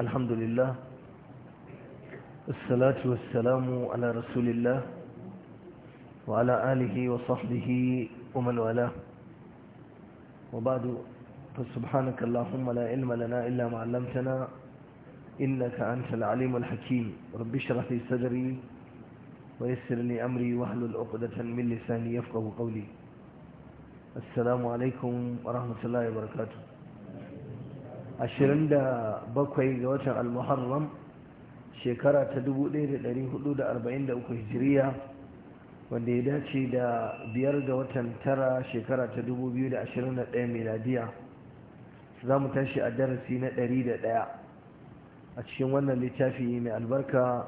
الحمد لله الصلاة والسلام على رسول الله وعلى آله وصحبه ومن والاه وبعد فسبحانك اللهم لا علم لنا إلا ما علمتنا إنك أنت العليم الحكيم رب اشرح لي صدري ويسر لي أمري واحلل عقدة من لساني يفقه قولي السلام عليكم ورحمة الله وبركاته ashirin da bakwai ga watan al-muharram shekara ta dubu ɗaya da da da hudu arba'in uku hijiriya wanda ya dace da biyar ga watan tara shekara ta dubu biyu da da ashirin 2021 meladiya za mu tashi a darasi na ɗari da ɗaya a cikin wannan littafi mai albarka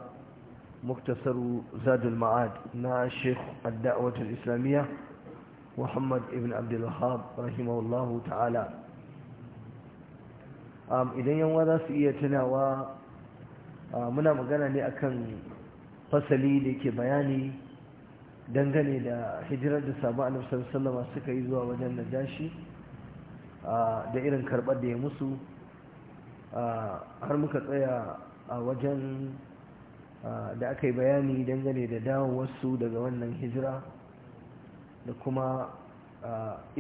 muktasaru zadul ma'ad na sheikh adda'awatul islamiyya muhammad ibn abdul wahab rahimahullahu ta'ala idan yanwa za su iya tunawa muna magana ne akan fasali da ke bayani dangane da hijirar da sabon annabtar sallama suka yi zuwa wajen najashi da irin karɓar da ya musu har muka tsaya a wajen da aka yi bayani dangane da dawowarsu daga wannan hijira da kuma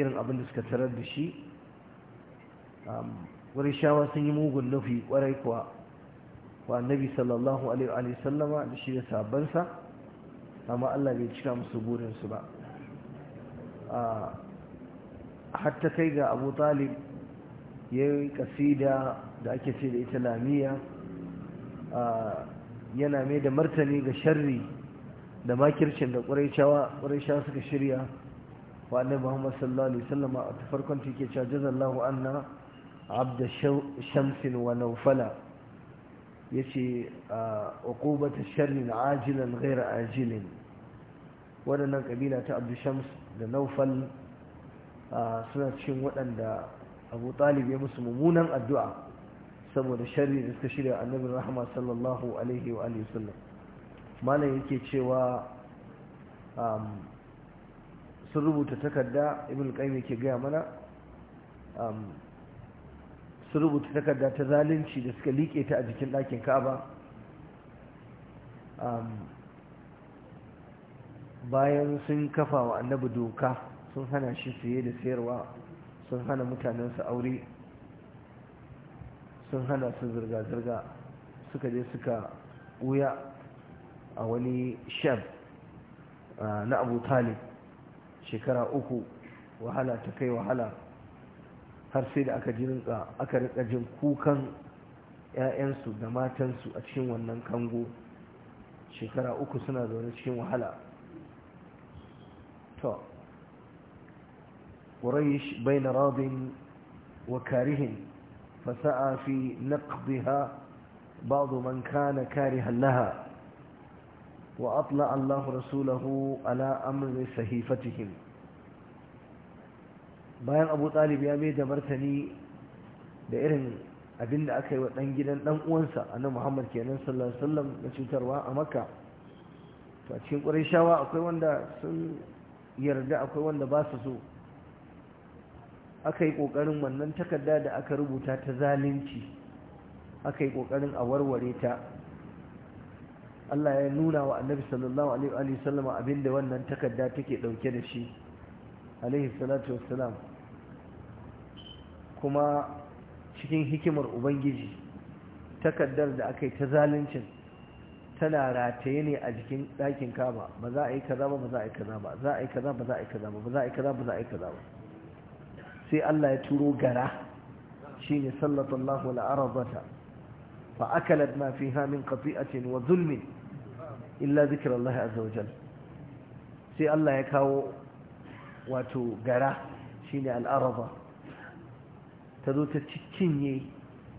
irin abin da suka tarar da shi shawa sun yi mugun nufi kwarai kuwa wa annabi sallallahu alaihi wa sallama da shi da sabansa amma Allah bai cika musu burinsu ba hatta kai ga abu talib ya yi kasida da ake ce da ita lamiya yana mai da martani ga sharri da makircin da shawa suka shirya wa annabi muhammad sallallahu alaihi sallama a tafarkon teke cewa jazallahu anna abda shamsin wa naufala ya ce a ƙubata sharrin ajilan gaira ajilin waɗannan ƙabila ta abdu shams da naufal suna cikin waɗanda abu talib ya musu mummunan addu'a saboda sharri da suka shirya annabin rahama sallallahu alaihi wa sallam malam yake cewa sun rubuta takarda ibn qayyim ke gaya mana su rubuta takarda ta zalunci da suka liƙe ta a jikin ɗakin ka'aba bayan sun kafa wa annabi doka sun hana shi saye da sayarwa sun hana mutanensu aure sun hana su zirga-zirga suka je suka wuya a wani shan ah, na abu talib shekara uku wahala ta kai wahala har sai da aka jirinka aka rika jin kukan 'ya'yansu da matansu a cikin wannan kango shekara uku suna zaune cikin wahala to bai na radin wa karihin fasa'a fi naqdiha ba'd man kana karihan laha wa atla Allahu rasulahu ala amri sahifatihim bayan abu talib ya mai da martani da irin abin da aka yi wa ɗan gidan ɗan uwansa annabi muhammad kenan sallallahu alaihi wasallam na cutarwa a makka to a cikin ƙurayshawa akwai wanda sun yarda akwai wanda ba su so aka yi ƙoƙarin wannan takarda da aka rubuta ta zalunci aka yi ƙoƙarin a warware ta Allah ya nuna wa annabi sallallahu alaihi wa sallama abin da wannan takarda take ɗauke da shi alaihi salatu wassalam kuma cikin hikimar ubangiji takaddar da aka yi ta zaluncin tana rataye ne a jikin ɗakin kaba ba za a yi kaza ba ba za a yi kaza ba za a yi kaza ba za a yi kaza ba ba za a yi kaza ba za a yi kaza ba sai Allah ya turo gara shine sallallahu ala arzata fa akalat ma fiha min qati'atin wa zulmin illa zikra Allah azza wa jalla sai Allah ya kawo wato gara shine al'araba ta zo ta cikinye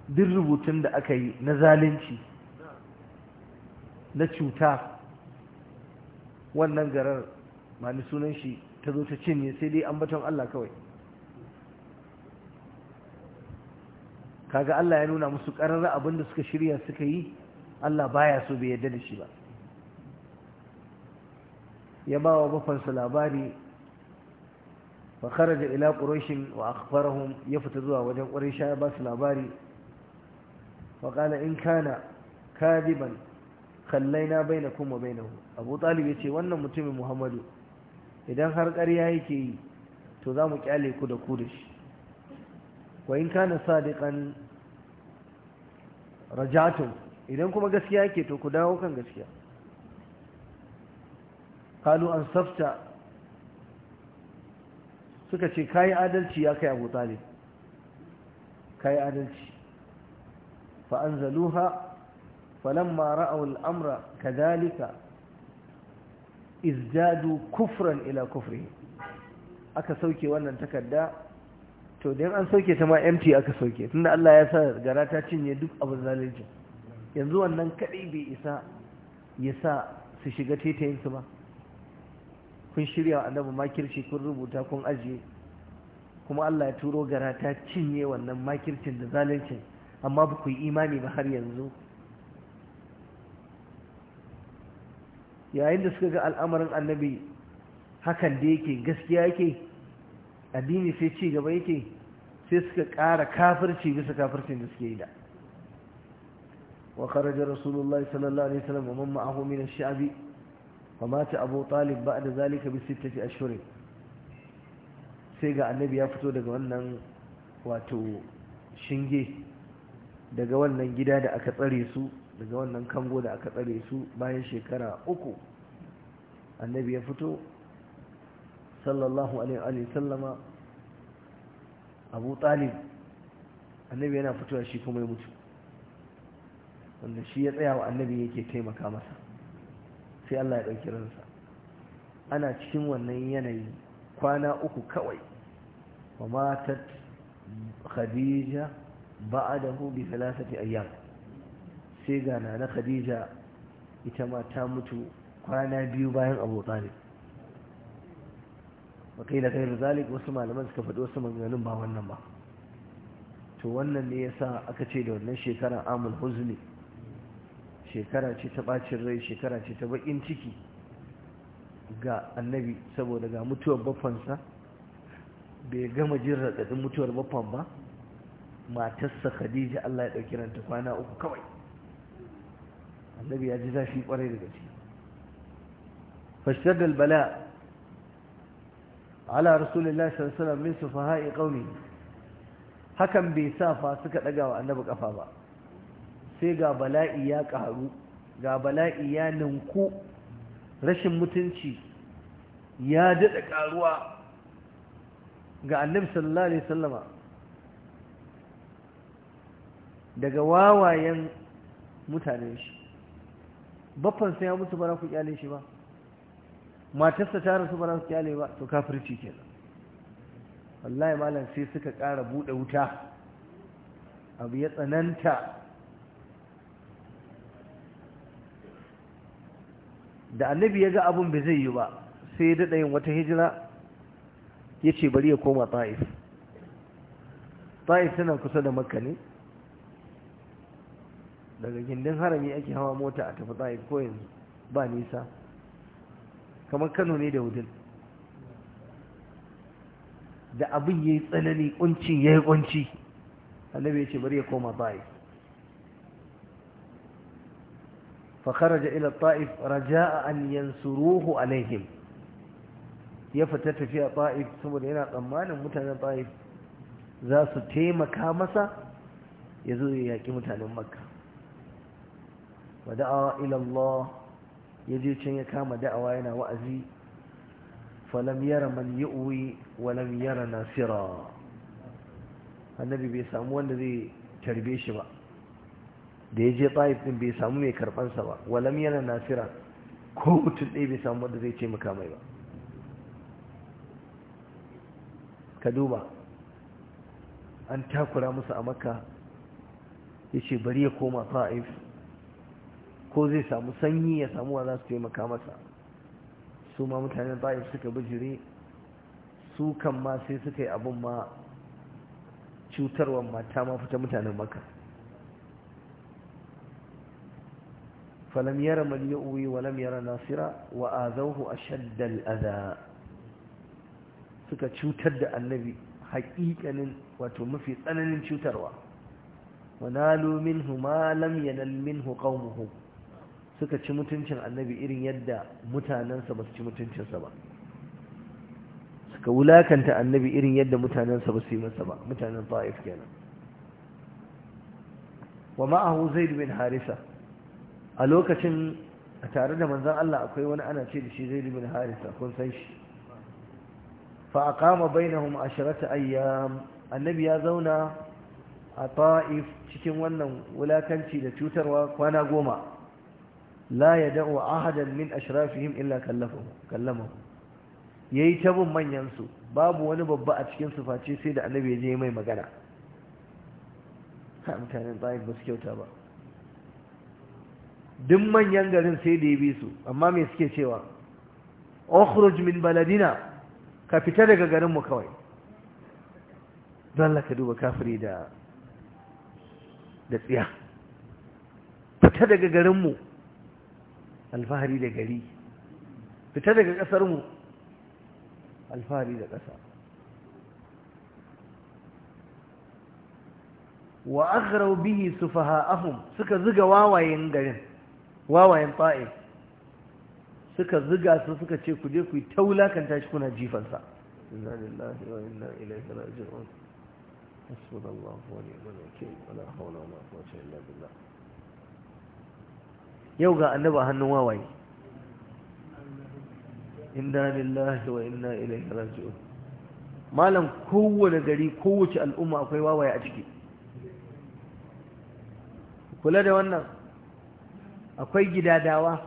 duk rubutun da aka yi na zalunci na cuta wannan garar mani sunan shi ta zo ta cinye sai dai an ambaton Allah kawai kaga Allah ya nuna musu ƙararra abinda suka shirya suka yi Allah baya so bai yarda da shi ba ya ba wa bafansa labari fa kharaja ila quraish wa akhbarahum ya fita zuwa wajen quraisha ya ba su labari fa in kana kadiban kallaina bainakum wa bainahu abu talib yace wannan mutumin muhammadu idan har ƙarya yake yi to za mu kyale ku da ku da shi wa in kana sadiqan rajatum idan kuma gaskiya yake to ku dawo kan gaskiya qalu tsafta. suka ce kayi adalci ya kai abu talib kayi adalci fa'anzaluha falamma amra ka dalika izjadu kufran ila kufri aka sauke wannan takarda to don an sauke ta ma MT aka sauke tunda Allah ya sa gara ta cinye duk abin zalunci yanzu wannan kaɗi bai isa ya sa su shiga tetayin ba kun shirya annabi makirci kun rubuta kun ajiye kuma Allah ya turo gara ta cinye wannan makircin da zalunci amma ba ku yi imani ba har yanzu yayin da suka ga al'amarin annabi hakan da yake gaskiya yake addini sai ci gaba yake sai suka ƙara kafirci bisa kafircin da suke yi da wa kharaja rasulullahi sallallahu alaihi wasallam wa man ma'ahu min ash-sha'bi فمات أبو طالب بعد ذلك بستة أشهر سيقع النبي يفتو دقوانا واتو shinge daga wannan gida da aka tsare su daga wannan kango da aka tsare su bayan shekara uku annabi ya fito sallallahu alaihi sallama abu talib annabi yana fitowa shi kuma ya mutu wanda shi ya tsaya wa annabi yake taimaka masa sai Allah ya ɗauki ransa ana cikin wannan yanayi kwana uku kawai wa matat khadija da bi thalathati ayyam sai ga na khadija ita ma ta mutu kwana biyu bayan Abu Talib wakai da kairu zalik wasu malaman suka faɗi wasu maganganun ba wannan ba to wannan ne yasa aka ce da wannan shekarar amul huzni shekara ce ta bacin rai shekara ce ta bakin ciki ga annabi saboda ga mutuwar baffansa bai gama jin raɗaɗin mutuwar baffan ba matarsa khadija allah ya ɗauki ranta kwana uku kawai annabi ya ji zafi kwarai da gaske fashtar dalbala ala rasulullah sallallahu alaihi wasallam min sufaha'i qaumi hakan bai sa fa suka daga wa annabi kafa ba sai ga bala'i ya ƙaru ga bala'i ya ninku rashin mutunci ya daɗa ƙaruwa ga annabi sallallahu alaihi sallama daga wawayen mutanen shi sai ya mutu bara ku kyale shi ba matarsa ta rasu bara ku kyale ba to kafirci kenan wallahi malam sai suka ƙara buɗe wuta abu ya tsananta da annabi ya ga abin bai zai yi ba sai ya daɗa yin wata hijira ya ce bari ya koma ta'if ta'if tana kusa da makka ne daga gindin harami ake hawa mota a tafi ta'if ko yanzu ba nisa kamar kano ne da wudin da abin ya yi tsanani kunci ya yi kunci annabi ya ce bari ya koma ta'if فخرج إلى الطائف رجاء أن ينصروه عليهم يفتت في طائف ثم إلى قمان متنا طائف ذا ستيم كامسة يزوي يأكي متنا مكة ودعا إلى الله يجي شيء كام دعوة هنا وأزي فلم ير من يؤوي ولم ير ناصرا النبي بيسامون الذي تربيه شباب da ya je ta'if din bai samu mai karɓansa ba walam yana nasira ko mutum ɗaya bai samu wanda zai ce maka mai ba ka duba an takura musu a makka ya ce bari ya koma ta'if ko zai samu sanyi ya samu wa za su taimaka masa su ma mutanen ta'if suka bijiri su kan ma sai suka yi abin ma cutarwa mata ma fita mutanen makka فلم ير من يؤوي ولم ير ناصرا وآذوه أشد الأذى suka cutar da annabi haƙiƙanin wato mafi tsananin cutarwa wanalu minhu ma lam yanal minhu qaumuhu suka ci mutuncin annabi irin yadda mutanansa ba su ci mutuncinsa ba suka wulakanta annabi irin yadda mutanansa ba su yi masa ba mutanen ta'if kenan wa ma'ahu zaid bin harisa a lokacin a tare da manzan Allah akwai wani ana ce da shi zai libin harisa kun san shi fa kama bainahum asharata ayyam annabi ya zauna a ta'if cikin wannan wulakanci da cutarwa kwana goma la yad'u ahadan min ashrafihim illa kallafahu kallamahu yayi tabun manyan su babu wani babba a cikin suface face sai da annabi ya je mai magana ka mutanen ba su kyauta ba duk manyan garin sai da ya bi su amma me suke cewa okhruj min baladina ka fita daga garin mu kawai don laka duba kafiri da da tsiya fita daga garin mu alfahari da gari fita daga kasar mu alfahari da kasa wa aghraw bihi sufaha'ahum suka zuga wawayen garin wawayen fa'i suka ziga su suka ce ku je ku yi taulakanta shi kuna jifansa yau ga annaba hannun wawaye inna lillahi wa inna ilaihi raji'un malam kowane gari kowace al'umma akwai wawaye a ciki kula da wannan akwai gidadawa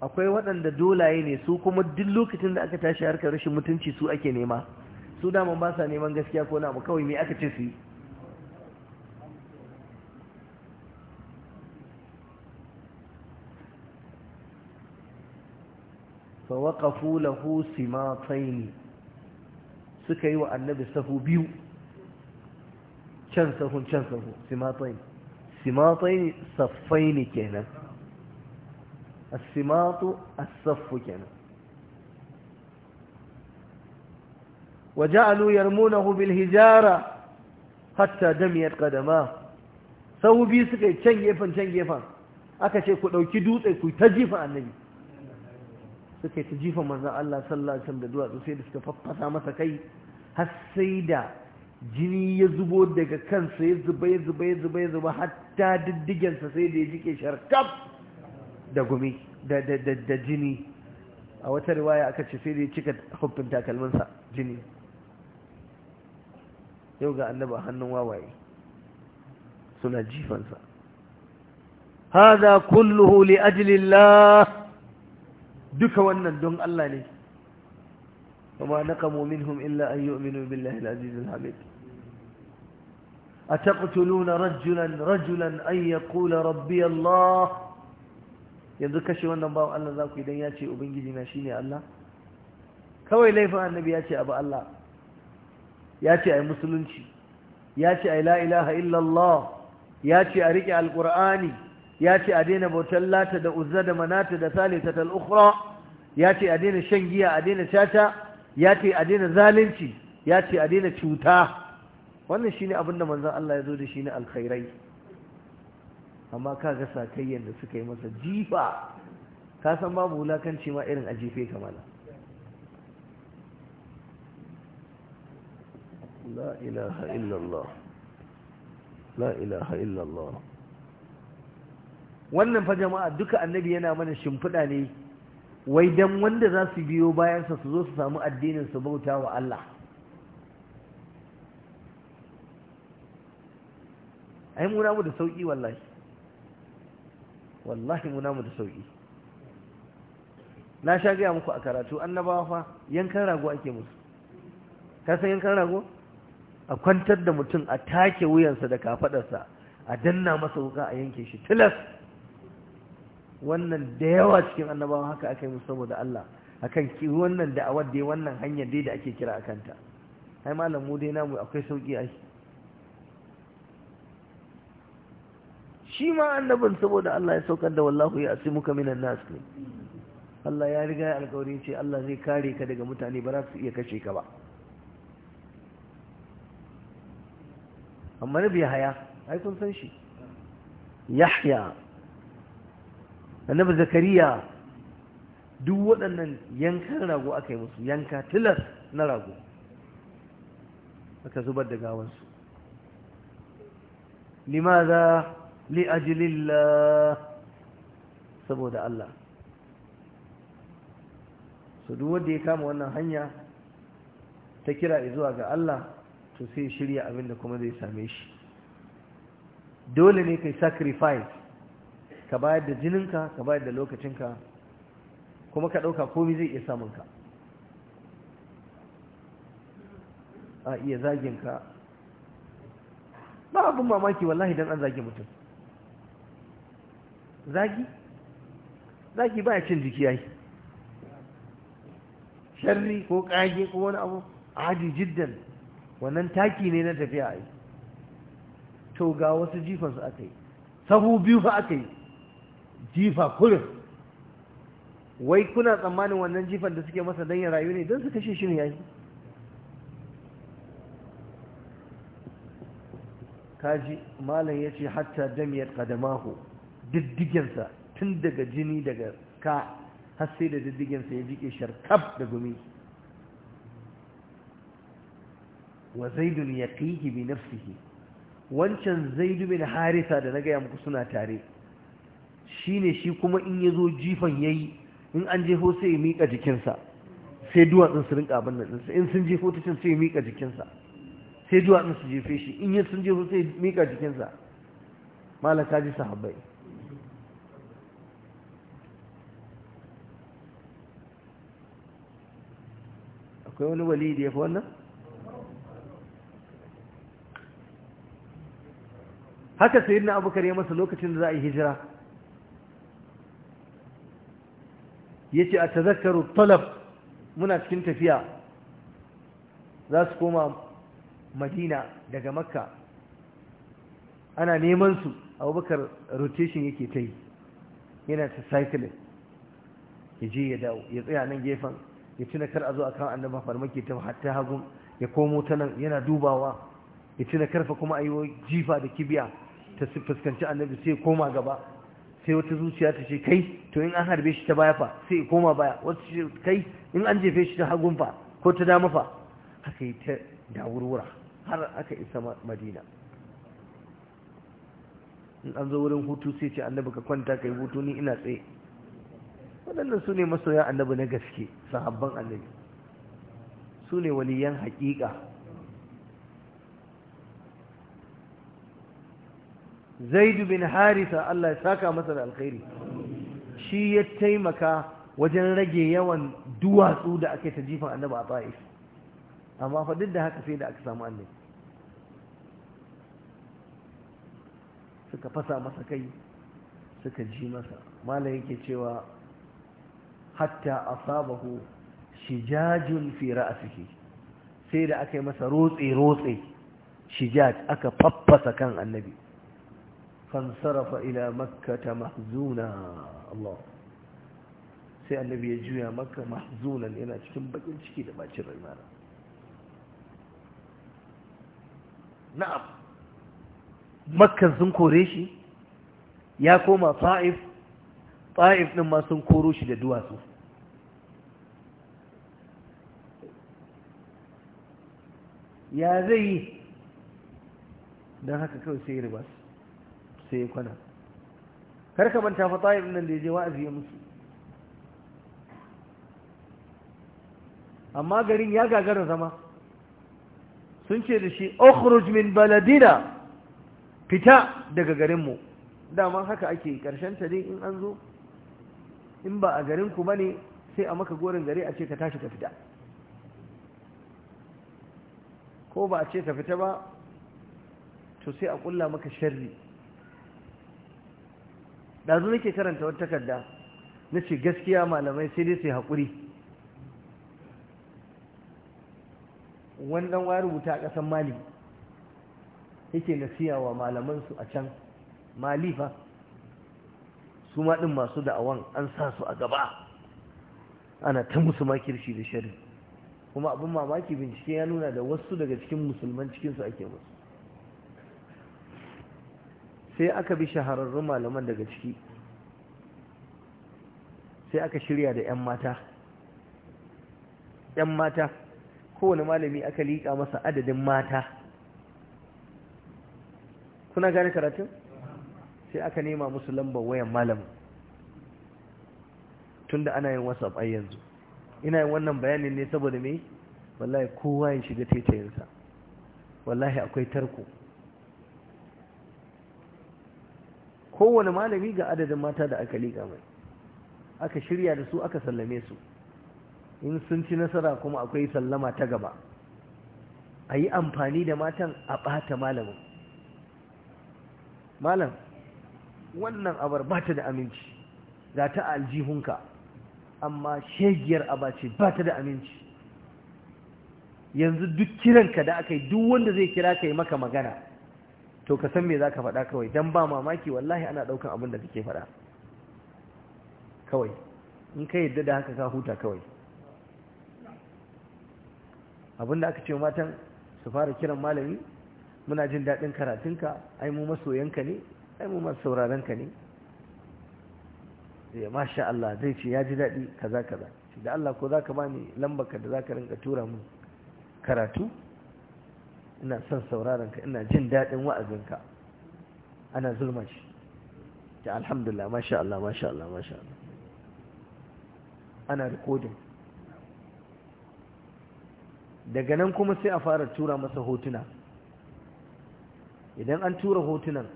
akwai waɗanda dolaye ne su kuma duk lokacin da aka tashi harkar rashin mutunci su ake nema su daman ba sa neman gaskiya ko na kawai me aka ce su yi fawaƙafu lahu simataini suka yi wa annabi sahu biyu can sahun can sahu simataini simatai saffai ne kenan asimatu asaffu kenan وجعلوا يرمونه بالهجارة حتى دميت قدماه sau biyu suka yi can gefen can gefen aka ce ku ɗauki dutse ku ta jifa annabi suka ta jifa manzan Allah sallallahu alaihi da duwatsu sai da suka faffasa masa kai har jini ya zubo daga kansa ya zuba ya zuba ya zuba ya zuba hatta diddigensa sai da ya jike sharkaf da gumi da jini a wata riwaya aka ce sai da ya cika huffin takalminsa jini yau ga annaba hannun wawaye suna jifansa haza kulluhu li ajlillah duka wannan don Allah ne وما نقموا منهم إلا أن يؤمنوا بالله العزيز الحميد أتقتلون رجلا رجلا أن يقول ربي الله yanzu kashe wannan bawan Allah za ku idan ya ce Ubangiji na shi ne Allah? Kawai laifin annabi ya ce abu Allah, ya a yi musulunci, Yace a yi la'ilaha illallah, ya ce a rike alƙur'ani, ya ce a daina bautar lata da uzza da manata da salita tal'ukura, Yace a daina shan giya a daina caca, ya ce a daina zalunci ya ce a daina cuta wannan shi ne abinda manzan Allah ya zo da shi ne alkhairai amma ka ga sakayyar da suka yi masa jifa ka san babu wulakanci ma irin a jefe kamala illallah wannan fa jama'a duka annabi yana mana shimfiɗa ne wai dan wanda za su biyo bayansa su zo su samu addinin su bauta wa Allah ai muna mu da sauki wallahi wallahi muna mu da sauki na sha gaya muku a karatu annabawa fa yankan rago ake musu ka san yankan rago a kwantar da mutum a take wuyansa da kafadarsa a danna masa wuka a yanke shi tilas wannan da yawa cikin annabawa haka aka yi musu saboda Allah akan ki wannan awar dai wannan hanyar dai da ake kira akan ta ai malam mu dai namu akwai sauki a shi ma annabin saboda Allah ya saukar da wallahu ya asimuka minan nas ne Allah ya riga alƙawari ce Allah zai kare ka daga mutane ba za su iya kashe ka ba amma nabi haya ai kun san shi yahya annabi zakariya duk waɗannan yankan rago aka yi musu yanka tilar na rago aka zubar da gawansu limaza ajilillah saboda Allah to duk wanda ya kama wannan hanya ta kira zuwa ga Allah to sai shirya abinda kuma zai same shi dole ne kai sacrifice ka bayar da jininka ka bayar da lokacinka kuma ka ɗauka komi zai iya samunka a iya zaginka ba abin mamaki wallahi don an zagi mutum zagi zagi ba cin jiki yayi sharri ko ƙage ko wani abu adi jiddan wannan taki ne na tafiya a yi to ga wasu jifansu aka yi sahu biyu fa aka yi jifa kurin wai kuna tsammanin wannan jifan da suke masa don ya rayu ne don su kashe shi ne ya yi kaji malam ya ce hatta damiyar kadamahu diddigensa tun daga jini daga ka har da diddigensa ya jike sharkab da gumi wa zaidun ya bi nafsihi wancan zaidu bin harisa da na gaya muku suna tare Shi ne shi kuma in ya zo jifan ya yi in an jefo sai ya miƙa jikinsa sai duwatsun su rinka abin nan in sun jefo ta can sai ya miƙa jikinsa sai duwatsun su jefe shi in sun jefo sai ya miƙa jikinsa malaka ji sahabbai akwai wani wali da ya fi wannan haka Sayyidina abubakar ya masa lokacin da za a yi hijira yace a tazakkaru talab muna cikin tafiya za su koma madina daga makka ana neman su abubakar rotation yake ta yi yana ta cycling ya je ya dawo ya tsaya nan gefen ya tuna kar a zo a kan annaba farmaki ta hatta hagun ya komo ta nan yana dubawa ya tuna karfa kuma a yi jifa da kibiya ta fuskanci annabi sai koma gaba sai wata zuciya ta ce kai to in an harbe shi ta baya fa sai koma baya wata ce kai in an jefe shi ta hagun fa ko ta dama fa haka yi ta dawurwura har aka isa madina in an zo wurin hutu sai ce annabi ka kwanta kai hutu ni ina tsaye waɗannan su ne masoya annabi na gaske sahabban annabi su ne waliyan haƙiƙa zaidu bin harisa Allah ya saka masa da alkhairi shi ya taimaka wajen rage yawan duwatsu da ake ta jifan annabi a ta'if amma fa duk da haka sai da aka samu annabi suka fasa masa kai suka ji masa malam yake cewa hatta asabahu shijajun fi ra'sihi sai da aka yi masa rotse rotse shijaj aka faffasa kan annabi fansarafa ila makkata mahzuna Allah sai annabi ya juya makka mahzunan yana cikin bakin ciki da bacin rai mana na'am Makka sun kore shi ya koma faif ta'if din ma sun koro shi da duwatsu ya zai yi don haka kawai sai ribas sai ya kwana kar ka manta fa nan da ya je wa'azi ya musu amma garin ya gagara zama sun ce da shi okhruj min baladina fita daga garinmu dama haka ake karshen ta dai in an zo in ba a garinku bane sai a maka gorin gari a ce ka tashi ka fita ko ba a ce ka fita ba to sai a kulla maka sharri ɗazu nake karanta wata takarda na ce gaskiya malamai sai dai su haƙuri wani ɗan wa rubuta a ƙasar mali yake nasiya wa malamansu a can mali fa su ɗin masu da'awan an sa su a gaba ana ta musu makirci da shari kuma abin mamaki bincike ya nuna da wasu daga cikin musulman cikinsu ake musu sai aka bi shahararrun malaman daga ciki sai aka shirya da 'yan mata 'yan mata kowane malami aka liƙa masa adadin mata kuna gane karatun sai aka nema musu lambar wayan malamin tunda ana yin whatsapp ai yanzu ina yin wannan bayanin ne saboda me wallahi kowa ya shiga taitayinsa wallahi akwai tarko kowane malami ga adadin mata da aka liƙa mai aka shirya da su aka sallame su in sun ci nasara kuma akwai sallama ta gaba a yi amfani da matan a ɓata malamin malam wannan abar ba ta da aminci ga ta aljihunka amma shegiyar aba ce ba ta da aminci yanzu duk kiranka da aka yi duk wanda zai kira ka yi maka magana to ka san me za ka faɗa kawai don ba mamaki wallahi ana ɗaukan abin da kake faɗa kawai in ka yadda da haka ka huta kawai abin da aka ce matan su fara kiran malami muna jin daɗin karatunka ai mu masoyanka ne ai mu masu saurarenka ne ya eh, masha Allah zai ce ya ji daɗi kaza kaza da Allah ko za ka ba ni lambaka da za ka rinka tura mu karatu ina son sauraron ka ina jin daɗin wa'azinka ana zulma shi ta alhamdulillah masha Allah masha Allah masha Allah ana rikodin daga nan kuma sai a fara tura masa hotuna idan an tura hotunan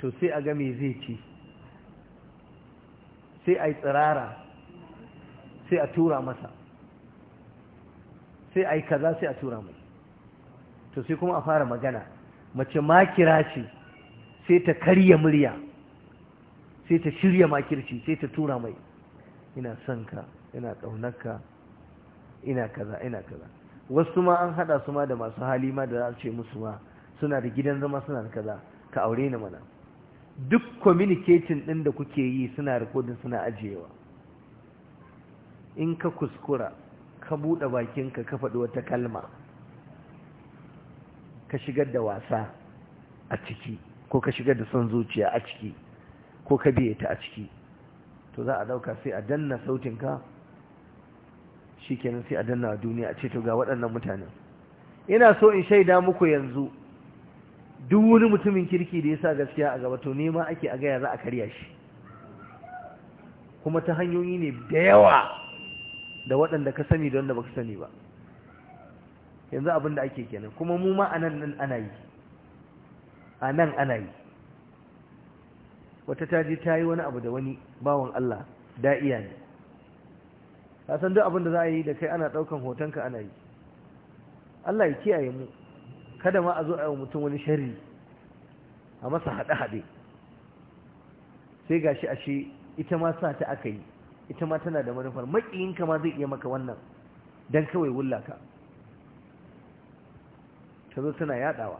to sai a ga me zai ci sai a yi tsirara sai a tura masa sai a yi kaza sai a tura masa to sai kuma a fara magana mace makira ce sai ta karya murya sai ta shirya makirci sai ta tura mai ina son ka ina ƙaunarka ina kaza ina kaza wasu ma an haɗa su ma da masu hali ma da za ce musu ma suna da gidan zama suna da kaza ka aure ni mana duk communicating ɗin da kuke yi suna rikodin suna ajiyewa in ka kuskura ka buɗe bakinka ka faɗi wata kalma ka shigar da wasa a ciki ko ka shigar da son zuciya a ciki ko ka biye ta a ciki to za a dauka sai a danna sautinka shi kenan sai a danna a duniya a ce to ga waɗannan mutanen ina so in shaida muku yanzu duk wani mutumin kirki da ya sa gaskiya a gaba to nema ake a gaya za a karya shi kuma ta hanyoyi ne da yawa da waɗanda ka sani da wanda baka sani ba yanzu abin da ake kenan kuma mu ma anan nan ana yi anan ana yi wata ta ta yi wani abu da wani bawan Allah da'iya ne Kasan duk abinda da za a yi da kai ana ɗaukan hotonka ana yi Allah ya kiyaye mu kada ma a zo a yi mutum wani sharri a masa haɗe-haɗe sai gashi shi ashe ita ma sa ta aka yi ita ma tana da manufar maƙiyinka ma zai iya maka wannan don kawai wullaka ta zo suna yadawa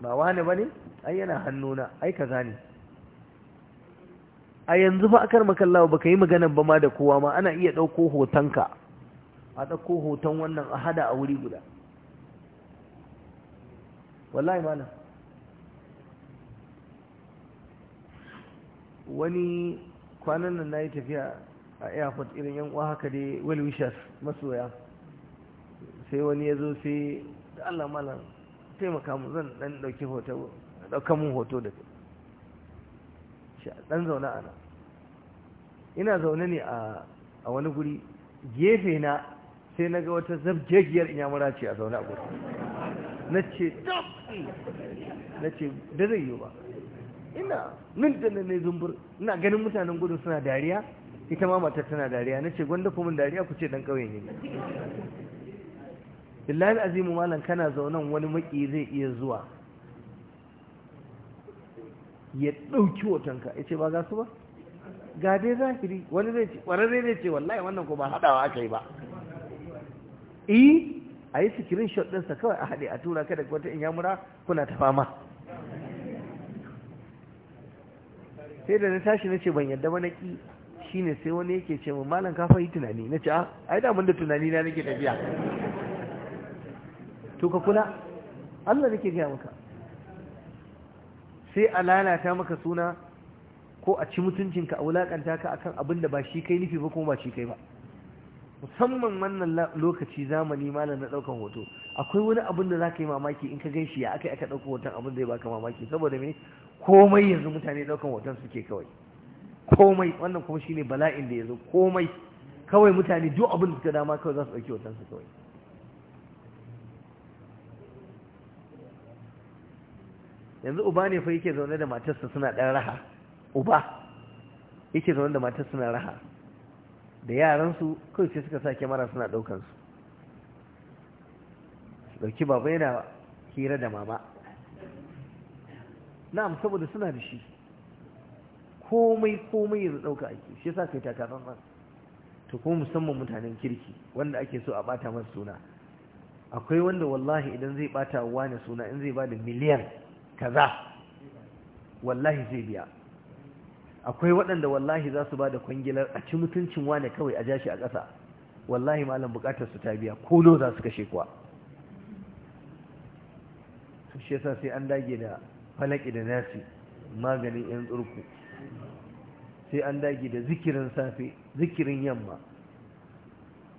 ba wani ba ne ai yana hannuna ai kaza ne a yanzu ba akar makallawa baka yi maganan ba ma da kowa ma ana iya ɗauko hotonka a ɗauko hoton wannan a hada a wuri guda wallahi malam wani kwanan nan na yi tafiya a airport irin yan uwa haka dai well masoya sai wani ya zo sai da Allah malam taimaka mu zan dan dauki hoto dauka mun hoto da kai shi dan zauna ana ina zaune ne a a wani guri gefe na sai naga wata zabjejiyar inya ce a zaune a nace na ce na ce da zai yi ba ina min da ne zumbur ina ganin mutanen gudun suna dariya ita ma matar tana dariya na ce gwanda mun dariya ku ce dan ƙauye ne billahi azimu malam kana zaunan wani maki zai iya zuwa ya ɗauki hotonka ya ce ba za su ba ga dai zahiri wani zai ce ƙwararre zai ce wallahi wannan ko ba haɗawa aka yi ba E, a yi sikirin shot ɗinsa kawai a haɗe a tura kada wata in yamura kuna ta fama sai da na tashi na ce ban yadda ba na ƙi shine sai wani yake ce mu malam kafa yi tunani na ce a ah, ai da mun da tunani na nake tafiya to kula Allah da ke gaya maka sai a lalata maka suna ko a ci mutuncinka a wulakanta ka akan abin da ba shi kai nufi ba kuma ba shi kai ba musamman wannan lokaci zamani malam na daukan hoto akwai wani abin da zaka yi mamaki in ka gan shi ya aka aka dauka hoton abin zai baka mamaki saboda me komai yanzu mutane daukan hoton suke kawai komai wannan kuma shine bala'in da yazo komai kawai mutane duk abin da suka dama kawai za su ɗauki hoton su kawai yanzu uba ne fa yake zaune da matarsa suna ɗan raha uba yake zaune da matarsa suna raha da yaransu kawai sai suka sa kyamara suna ɗaukansu ɗauki baba yana hira da mama na'am saboda suna da shi komai komai yanzu ɗauka ake shi yasa kai takarar ran. to kuma musamman mutanen kirki wanda ake so a bata masu suna akwai wanda wallahi idan zai bata wani suna in zai bada miliyan kaza wallahi zai biya akwai waɗanda wallahi za su ba da kwangilar a ci mutuncin wane kawai a jashi a ƙasa wallahi malam buƙatar su ta biya ko za su kashe kuwa su shi yasa sai an dage da falaki da nasi maganin yan tsurku sai an dage da zikirin safe zikirin yamma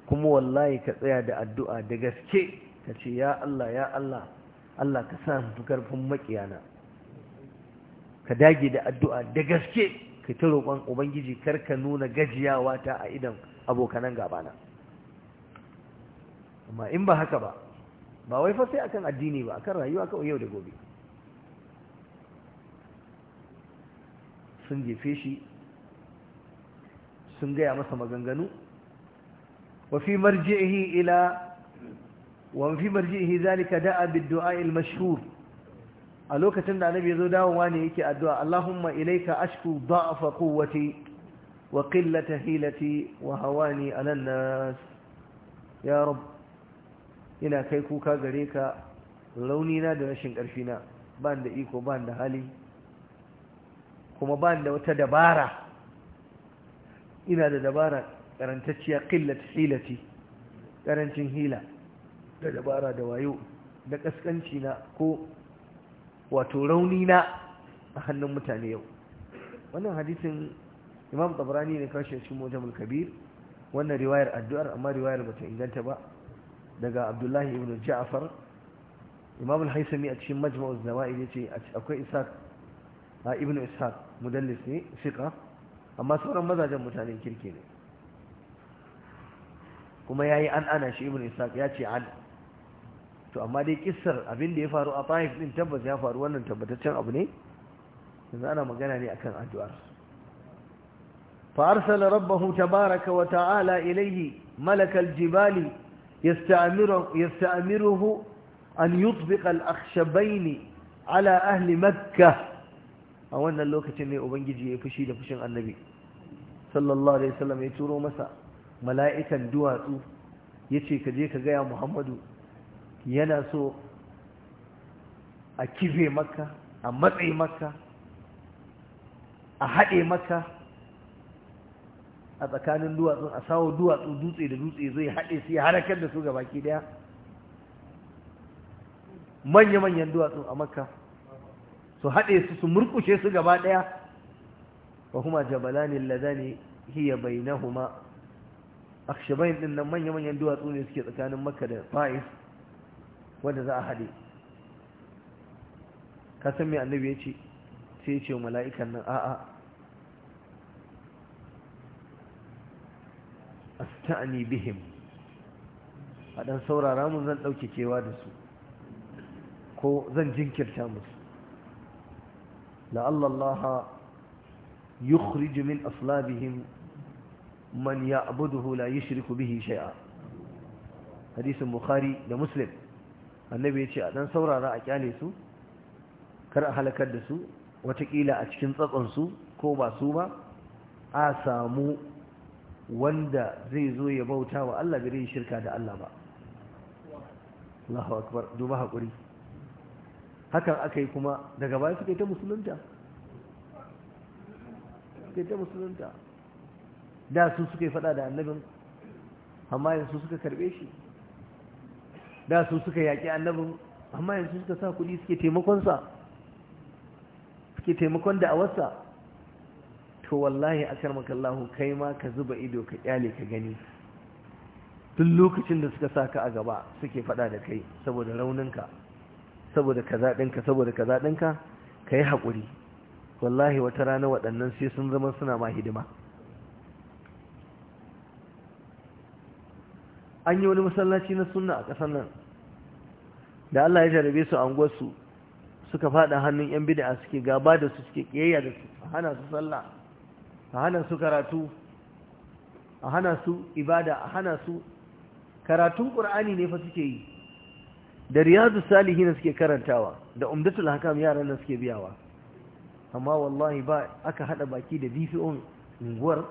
kuma wallahi ka tsaya da addu'a da gaske ka ce ya Allah ya Allah Allah ka sa su karfin makiyana ka dage da addu'a da gaske ka ta roƙon ubangiji kar ka nuna gajiyawa ta a idan abokanan gabana amma in ba haka ba ba wai fa sai akan addini ba akan rayuwa kawai yau da gobe sun jefe shi sun gaya masa maganganu wa fi marji'ihi ila wa fi marji'ihi zalika da'a bid-du'a al-mashhur a lokacin da annabi zo dawowa ne yake addu'a Allahumma ilayka ashku da'fa quwwati wa qillata hilati wa hawani 'ala an-nas ya ina kai kuka gare ka rauni da rashin karfi na da iko da hali kuma da wata dabara ina da dabara karantacciya qillat hilati hila da dabara da wayo na kaskanci na ko wato rauni na a hannun mutane yau wannan hadisin imam tabrani ne kashe shi mujamul kabir wannan riwayar addu'ar amma riwayar bata inganta ba daga abdullahi ibn ja'far imam al-haisami a cikin majma'uz nawa'id ce akwai isaac a ibn isaac mudallis ne fiqa amma sauran mazajen mutanen kirki ne kuma yayi an ana shi ibn ya ce an to amma dai kissar abin da ya faru a taif din tabbas ya faru wannan tabbataccen abu ne yanzu ana magana ne akan addu'ar fa arsala rabbahu tabaaraka wa ta'ala ilayhi malak jibali yasta'miru an yutbiqa al ala ahli makkah a wannan lokacin ne ubangiji ya fushi da fushin annabi sallallahu alaihi wasallam ya turo masa mala'ikan duwatsu yace ka je ka ga ya muhammadu yana so a kife maka a matse maka a haɗe maka a tsakanin duwatsun a sawo duwatsu dutse da dutse zai haɗe su ya harakar da su ga baki ɗaya manya-manyan duwatsun a maka su haɗe su su murkushe su gaba ɗaya wa kuma jabalani ladani hiya a akshabain ɗin nan manya-manyan duwatsu ne suke tsakanin maka da fa'is wanda za a haɗe ka san mai annabi ya ce sai ce mala'ikan nan a'a asta'ani bihim a ɗan saurara mun zan ɗauke kewa da su ko zan jinkirta musu la'allallaha yukhriju min aslabihim man ya'buduhu la yushriku bihi shay'a hadisin bukhari da muslim annabi ya ce a ɗan saurara a kyale su kar a halakar da su watakila a cikin su ko ba su ba a samu wanda zai zo ya bauta wa Allah gare shirka da Allah ba Allahu akbar duba hakuri hakan aka yi kuma daga baya suka ta musulunta suka ta musulunta da su suka fada da annabin amma yanzu suka karbe shi da su suka yaƙi annabin amma yanzu suka sa kuɗi suke taimakonsa suke taimakon da'awarsa to wallahi a Kallahu, kai ma ka zuba ido ka ƙyale ka gani Tun lokacin da suka sa ka a gaba suke faɗa da kai saboda rauninka saboda ka zaɗinka saboda ka zaɗinka ka yi haƙuri wallahi wata rana waɗannan sai sun zama suna ma hidima an yi wani masallaci na sunna a ƙasar nan da Allah ya jarabe su a gwasu suka faɗa hannun yan bid'a suke gaba da su suke ƙiyayya da su hana su sallah a hana su karatu a hana su ibada a hana su karatun Ƙur'ani ne fa suke yi da riyadu salihin suke karantawa da umdatul hakam yaran nan suke biyawa amma wallahi ba aka haɗa baki da DPO unguwar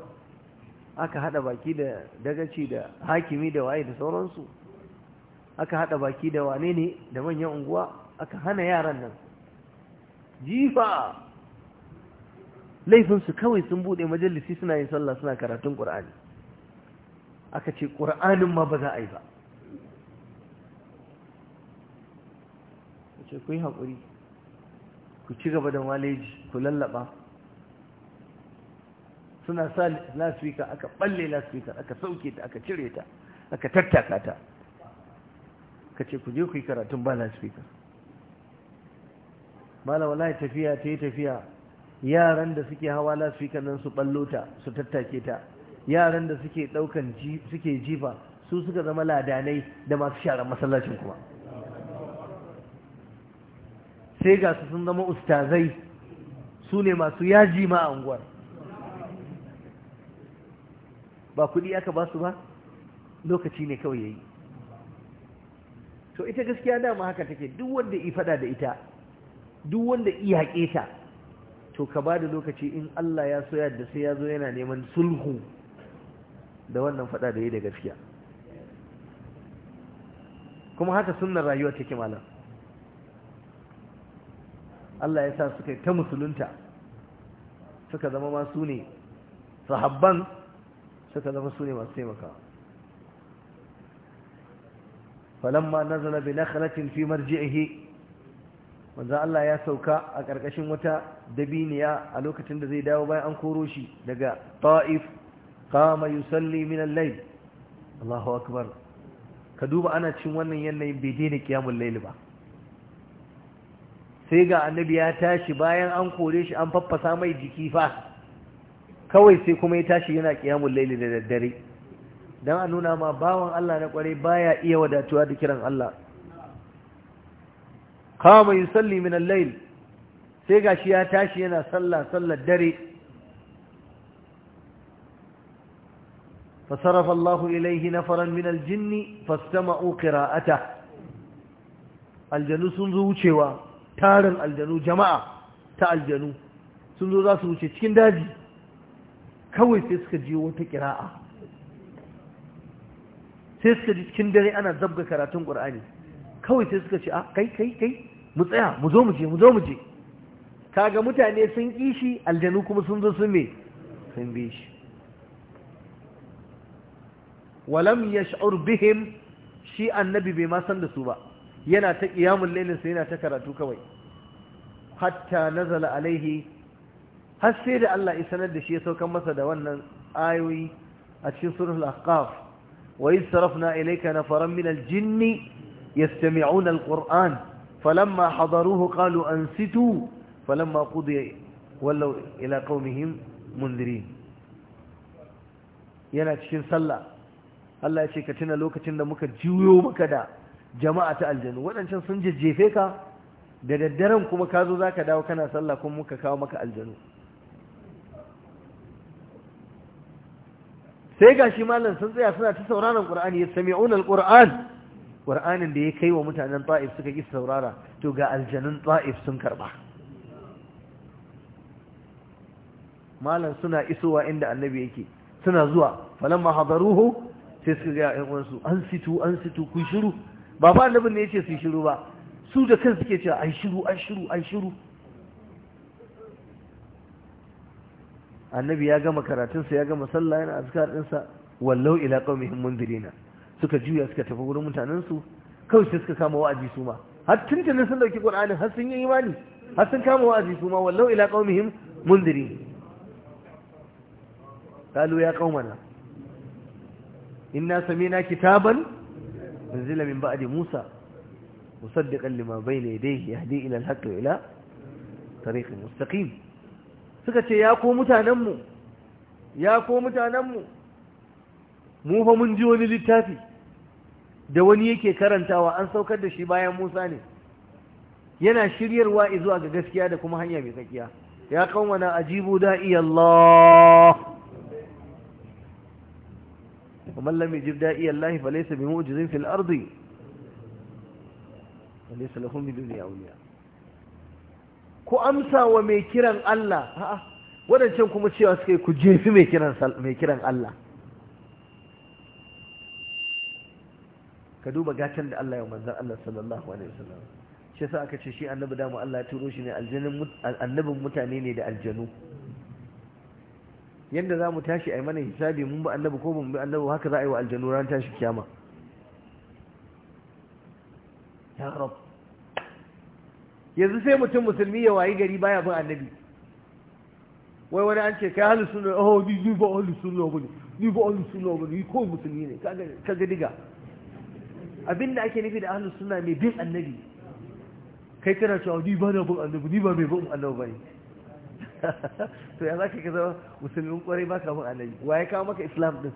aka hada baki da dagaci da hakimi da waye da sauransu aka hada baki da wane ne da manyan unguwa aka hana yaran nan jifa laifinsu kawai sun bude majalisi suna yin sallah suna karatun qur'ani aka ce qur'anin ma ba za a yi ba ce ku yi haƙuri ku ci gaba da maleji ku lallaba suna sa lasfika aka balle lasfika aka sauke ta aka cire ta aka tattaka ta ka ce ku je ku yi karatun ba lasfika mala wallahi tafiya ta yi tafiya yaran da suke hawa lasfika nan su ballo ta su tattake ta yaran da suke daukan suke jifa su suka zama ladanai da masu sharan masallacin kuma sai ga su sun zama ustazai su ne masu yaji ma a unguwar ba kuɗi aka ba su ba lokaci ne kawai yayi to ita gaskiya dama haka take duk wanda i fada da ita duk wanda i haƙe ta to ka ba da lokaci in Allah ya so yadda sai ya zo yana neman sulhu da wannan fada da yi da gaskiya kuma haka sunnar rayuwa take malam Allah ya sa suka yi ta musulunta suka zama masu ne sahabban suka zama su ne masu taimakawa falamma nazala bi nakhlatin fi marji'ihi manzo Allah ya sauka a karkashin wata dabiniya a lokacin da zai dawo bayan an koro shi daga Ta'if qama yusalli min al-layl Allahu akbar ka duba ana cin wannan yanayin bai daina kiyamul layl ba sai ga annabi ya tashi bayan an kore shi an faffasa mai jiki fa kawai sai kuma ya tashi yana kiyamun laili da daddare don a nuna ma bawan Allah na kwarai baya iya wadatuwa da kiran Allah kama yi salli min al-lail sai gashi ya tashi yana sallah sallar dare فصرف na faran نفرا jinni الجن فاستمعوا قراءته aljanu sun zo wucewa tarin aljanu jama'a ta aljanu sun zo za su wuce cikin daji kawai sai suka je wata kira'a, sai suka ji cikin dare ana zabga karatun ƙur'ani kawai sai suka ce a ah, kai kai kai mu tsaya mu zo mu je mu zo mu je kaga mutane sun ƙi shi aljanu kuma sun zo sun me sun bi shi walam yash'ur bihim shi annabi bai ma san da su ba yana ta qiyamul lailin sai yana ta karatu kawai hatta nazala alaihi har sai da Allah ya sanar da shi ya saukar masa da wannan ayoyi a cikin suratul ahqaf wa yusrafna ilayka nafaran min al-jinni yastami'una al-qur'an falamma hadaruhu qalu ansitu falamma qudiya wallaw ila qaumihim mundirin yana cikin sallah Allah ya ce ka tuna lokacin da muka juyo maka da jama'a ta aljanu waɗancan sun jejjefe ka da daddaren kuma ka zo za ka dawo kana sallah kuma muka kawo maka aljanu sai ga shi malam sun tsaya suna ta sauraron qur'ani ya sami'un al-ƙur'an ƙur'anin da ya kai wa mutanen ta'if suka yi saurara to ga aljanun ta'if sun karɓa malam suna isowa inda annabi yake suna zuwa falamma hadaruhu sai suka ga ƴan uwansu an situ an situ ku shiru ba fa annabin ne yace su shiru ba su da kansu suke cewa ai shiru ai shiru ai shiru annabi ya gama karatunsa ya gama sallah yana azkar ɗinsa wallau ila qaumihim mundirina suka juya suka tafi wurin su kawai sai suka kama wa'azi su ma har tuntunin sun dauki qur'anin har sun yi imani har sun kama wa'azi su ma wallau ila qaumihim munzirin قالوا يا قومنا إنا سمينا كتابا نزل من بعد موسى مصدقا لما بين يديه يهدي إلى الحق وإلى طريق مستقيم suka ce ya ko mutanenmu ya ko mutanenmu mu fa mun ji wani littafi da wani yake karantawa an saukar da shi bayan musa ne yana shiryarwa zuwa ga gaskiya da kuma hanya mai tsakiya ya kawana ajibu da'i Allah ومن لم يجب داعي الله bi mu'jizin fil ardi وليس lahum bi dunya awliya ku amsa wa mai kiran Allah a'a wadancan kuma cewa suka yi ku jefi mai kiran mai kiran Allah ka duba gatan da Allah ya manzan Allah sallallahu alaihi wasallam shi yasa aka ce shi annabi da mu Allah ya turo shi ne annabin mutane ne da aljanu yanda za mu tashi a yi mana hisabi mun ba annabi ko mun bi annabi haka za a yi wa aljanu ran tashi kiyama ya rabu yanzu sai mutum musulmi ya wayi gari baya bin annabi wai wani an ce kai ahlus sunna oh ni ni ba ahlus sunna bane ni ba ahlus sunna bane ni ko musulmi ne kaga kaga diga abinda ake nufi da ahlus sunna mai bin annabi kai kana cewa ni ba na bin annabi ni ba mai bin annabi bane to ya zaka kaza musulmin kwarai baka bin annabi waye kawo maka islam din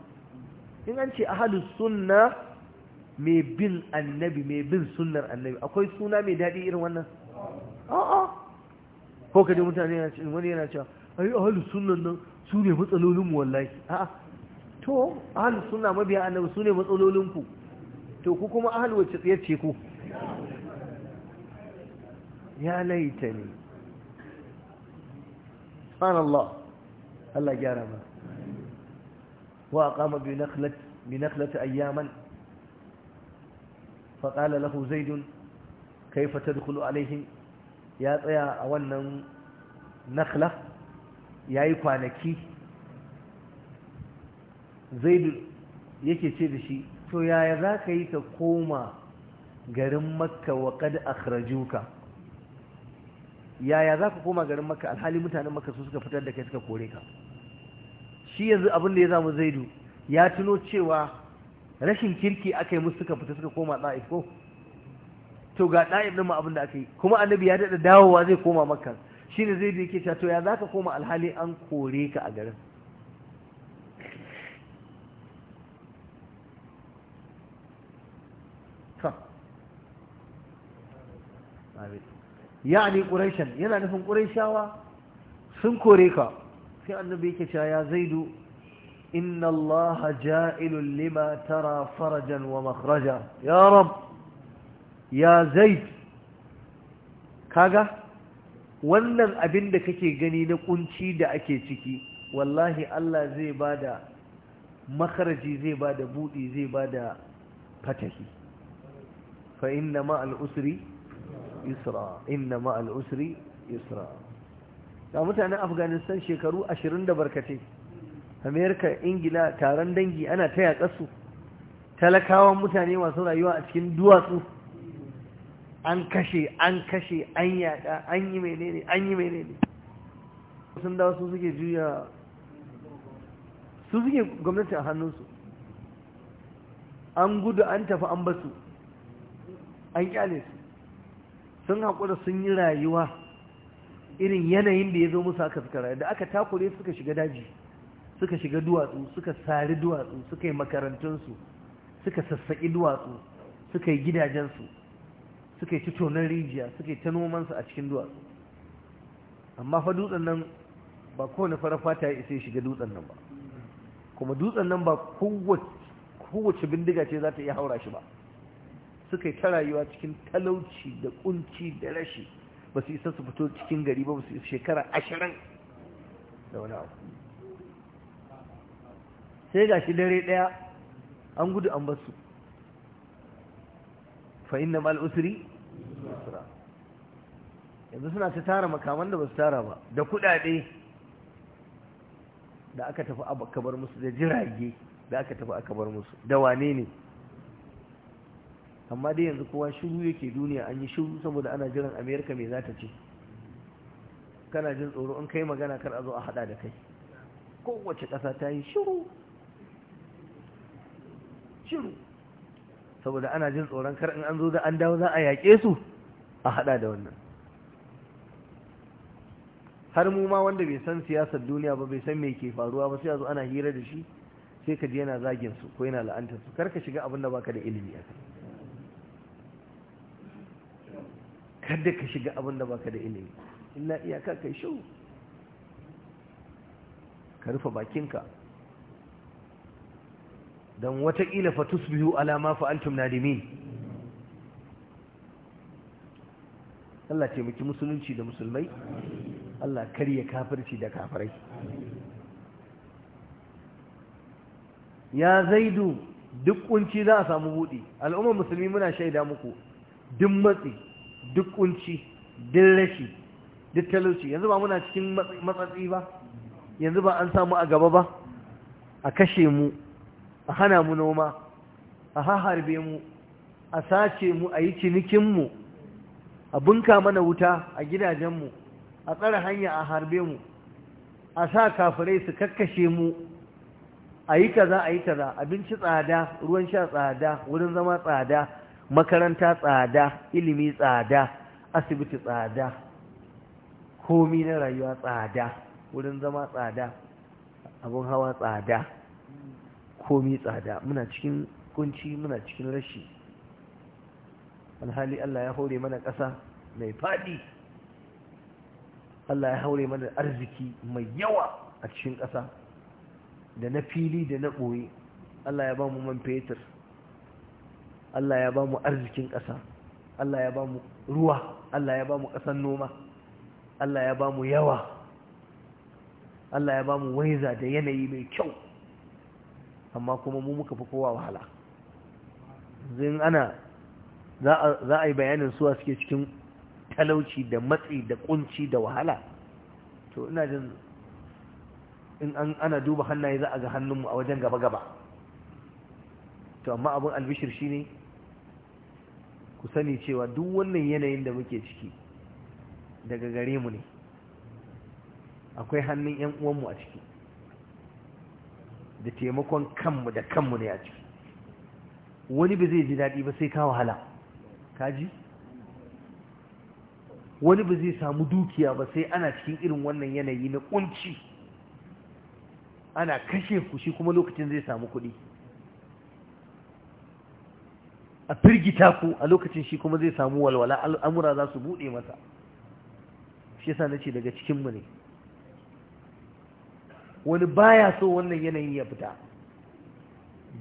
in an ce ahlus sunna mai bin annabi mai bin sunnar annabi akwai suna mai dadi irin wannan a'a ko kaje mutane yana cewa wani yana cewa ai ahlus sunnan nan su ne matsalolin mu wallahi a'a to ahlus sunna mabiya annabi su ne matsalolin ku to ku kuma ahlul wacce tsiyace ku ya laita ne. subhanallah Allah gyara ba. wa aqama bi nakhlat bi nakhlat ayyaman فقال له زيد كيف تدخل عليهم ya tsaya a wannan nakhla ya yi kwanaki zaidu yake ce da shi to yaya za ka yi ka koma garin makka wa kad ka yaya za ka koma garin makka alhali mutanen makka su suka fitar da kai suka kore ka shi yanzu abin da ya zamu zaidu ya tuno cewa rashin kirki aka yi musu suka fita suka koma ɗa'if ko to ga ɗa'in ɗin abin da aka yi kuma annabi ya daɗa dawowa zai koma makka shi ne zai yake cewa to ya za ka koma alhali an kore ka a garin ya'ani ƙuraishan yana nufin ƙuraishawa sun kore ka sai annabi yake cewa ya zaidu inna allaha ja'ilun lima tara farajan wa makhraja ya rabb ya zaid kaga wannan abin da kake gani na kunci da ake ciki wallahi Allah zai bada makaraji zai bada budi zai bada fatahi fa inna ma al-usri yusra inna ma al-usri yusra da mutanen Afghanistan shekaru 20 da barkate Amerika Ingila taron dangi ana taya kasu talakawan mutane masu rayuwa a cikin duwatsu an kashe an kashe an yada an yi menene an yi menene sun dawa su suke juya su suke gwamnati a hannunsu an gudu an tafi an basu an kyale su sun haƙura sun yi rayuwa irin yanayin da ya zo musu aka suka da aka takure suka shiga daji suka shiga duwatsu suka sari duwatsu suka yi makarantunsu suka sassaƙi duwatsu suka yi gidajensu suka ci ta rijiya suke ta ta nomansu a cikin duwatsu amma fa dutsen nan ba kowane fara fata ya isa ya shiga dutsen nan ba kuma dutsen nan ba kowace bindiga ce za ta iya haura shi ba suka yi ta rayuwa cikin talauci da kunci da rashi ba su isa su fito cikin gari ba su isa shekara ashirin da wani abu sai ga shi dare daya an gudu an basu fa inna yanzu suna ta tara makaman da ba su tara ba da kudade da aka tafi a kabar musu da jirage da aka tafi a kabar musu da wane ne amma dai yanzu kowa shiru yake duniya an yi shiru saboda ana jiran amerika mai za ta ce kana jin tsoro in kai magana kar a zo a hada da kai kowace ƙasa ta yi shiru shiru saboda ana jin tsoron kar in an zo da an dawo za a yaƙe su a haɗa da wannan har mu ma wanda bai san siyasar duniya ba bai san me ke faruwa ba sai a zo ana hira da shi sai ka ji yana zagin su ko yana la'antar su kar ka shiga abin da baka da ilimi a kai kada ka shiga abin da baka da ilimi illa iyaka kai shau ka rufe bakinka don watakila fa tusbihu ala ma fa'altum nadimin Allah taimaki musulunci da musulmai Allah karya kafirci da kafirai ya zaidu duk kunci za a samu buɗe. al'ummar musulmi muna shaida muku duk matsi duk kunci duk rashi duk talauci yanzu ba muna cikin matsatsi ba yanzu ba an samu a gaba ba a kashe mu a hana mu noma a harbe mu a sace mu a yi cinikin mu, a bunka mana wuta a gidajen mu, a tsara hanya a harbe mu a sa kafirai su kakkashe mu a yi kaza a yi kaza abinci tsada ruwan sha tsada wurin zama tsada makaranta tsada ilimi tsada asibiti tsada komi na rayuwa tsada wurin zama tsada abin hawa tsada komi tsada muna cikin kunci muna cikin rashi alhali Allah ya haure mana ƙasa mai faɗi Allah ya haure mana arziki mai yawa a cikin ƙasa da na fili da na ɓoye Allah ya ba mu man fetur Allah ya ba mu arzikin ƙasa Allah ya ba mu ruwa Allah ya ba mu ƙasan noma Allah ya ba mu yawa Allah ya ba mu waiza da yanayi mai kyau amma kuma mu muka fi kowa wahala zin ana za a yi bayanin suwa suke cikin talauci da matsi da kunci da wahala to ina jin in an ana duba hannaye za a ga hannunmu a wajen gaba-gaba to amma abin albishir shi ne ku sani cewa duk wannan yanayin da muke ciki daga gare mu ne akwai hannun 'yan uwanmu a ciki da taimakon kanmu da kanmu ne a ciki wani ba zai ji daɗi ba sai ka wahala kaji wani ba zai samu dukiya ba sai ana cikin irin wannan yanayi na kunci ana kashe kushi kuma lokacin zai samu kuɗi a firgita ku a lokacin shi kuma zai samu walwala al'amura za su buɗe masa shi yasa na ce daga cikinmu ne wani baya so wannan yanayin ya fita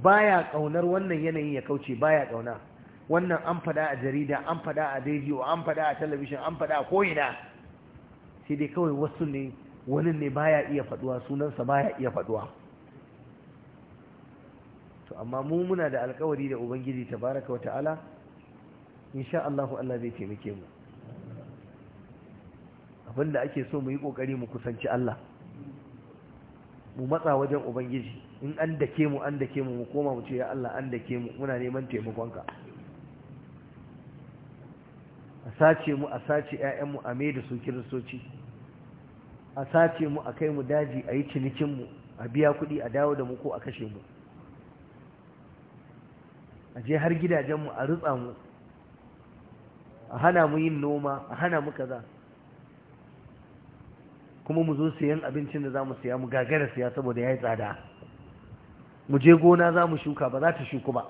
baya kaunar wannan yanayin ya kauce baya kauna wannan an fada a jarida an fada a rediyo an fada a television an fada a ina, sai dai kawai wasu ne wani ne baya iya faduwa sunansa baya iya faduwa to amma mu muna da alkawari da ubangiji tabaraka wa ta'ala insha Allah Allah zai taimake mu abinda ake so mu yi kokari mu kusanci Allah mu matsa wajen ubangiji in an dake mu an dake mu mu koma mu ce ya Allah an dake mu muna neman taimakonka a sace mu a sace ƴaƴanmu a mai da su kiristoci a sace mu a kai mu daji a yi cinikin mu a biya kuɗi a dawo da mu ko a kashe mu a je har gidajen mu a rutsa mu a hana mu yin noma a hana mu kaza kuma mu zo siyan abincin da za mu siya mu gagara siya saboda ya yi tsada mu je gona za mu shuka ba za ta shuku ba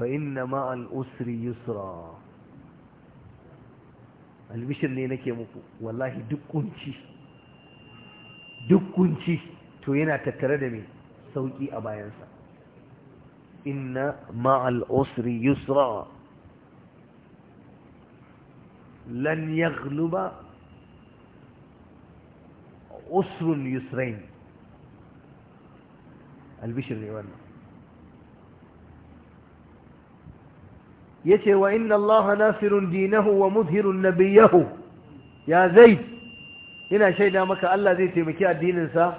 fa'in na ma'al usri yusra albishir ne nake muku wallahi duk kunci duk kunci to yana tattare da mai sauki a bayansa inna ma'al usri yusra lan ba. Usrun yusrain albishir ne wannan yace wa inna allaha dinahu wa muzhirun nabiyahu ya zaid ina shaida maka Allah zai taimaki addininsa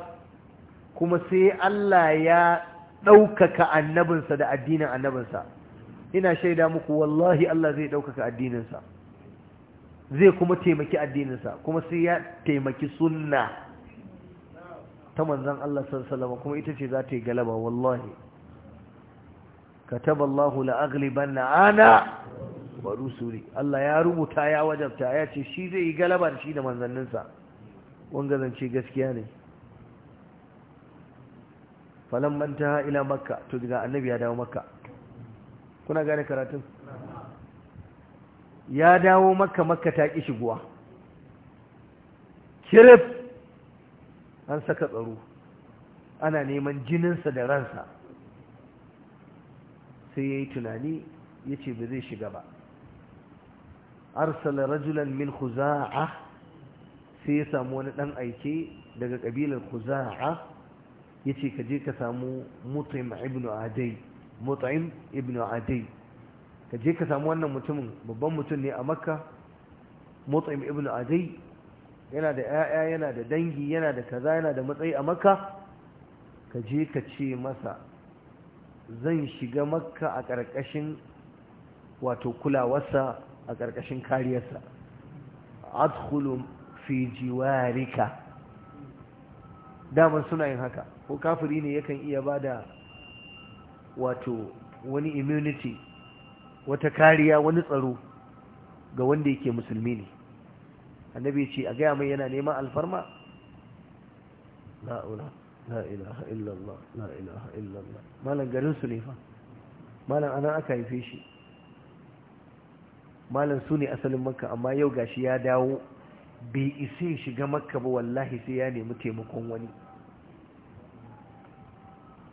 kuma sai Allah ya ɗaukaka annabinsa da addinin annabinsa ina shaida muku wallahi Allah zai ɗaukaka addininsa zai kuma taimaki addininsa kuma sai ya taimaki sunna ta manzan Allah sallallahu kuma ita ce za ta yi galaba wallahi kataballahu la'aglibanna ana wa rusuli Allah ya rubuta ya wajabta ya ce shi zai yi galaba da shi da manzanninsa wanga zance gaskiya ne falamman ta ila makka to daga annabi ya dawo makka kuna gane karatun ya dawo makka makka ta ki shiguwa kirif an saka tsaro ana neman jininsa da ransa sai ya yi tunani ya ce ba zai shiga ba arsala rajulan min huza'a sai ya samu wani ɗan aike daga ƙabilar huza'a ya ce ka je ka samu mutum ibn adai mutum ibn adai ka je ka samu wannan mutumin babban mutum ne a makka mutum ibn adai yana da 'ya'ya yana da dangi yana da kaza yana da matsayi a makka ka je ka ce masa zan shiga makka a ƙarƙashin wato kulawarsa a ƙarƙashin kariyarsa adkhulu fi jiwarika daman suna yin haka ko kafiri ne yakan iya bada wato wani immunity wata kariya wani tsaro ga wanda yake musulmi ne annabi ce a gaya mai yana neman alfarma la'ula la'ilaha illallah la'ilaha illallah ne fa malam anan aka haife shi malam su ne asalin makka amma yau gashi ya dawo bai isa shiga makka ba wallahi sai ya nemi taimakon wani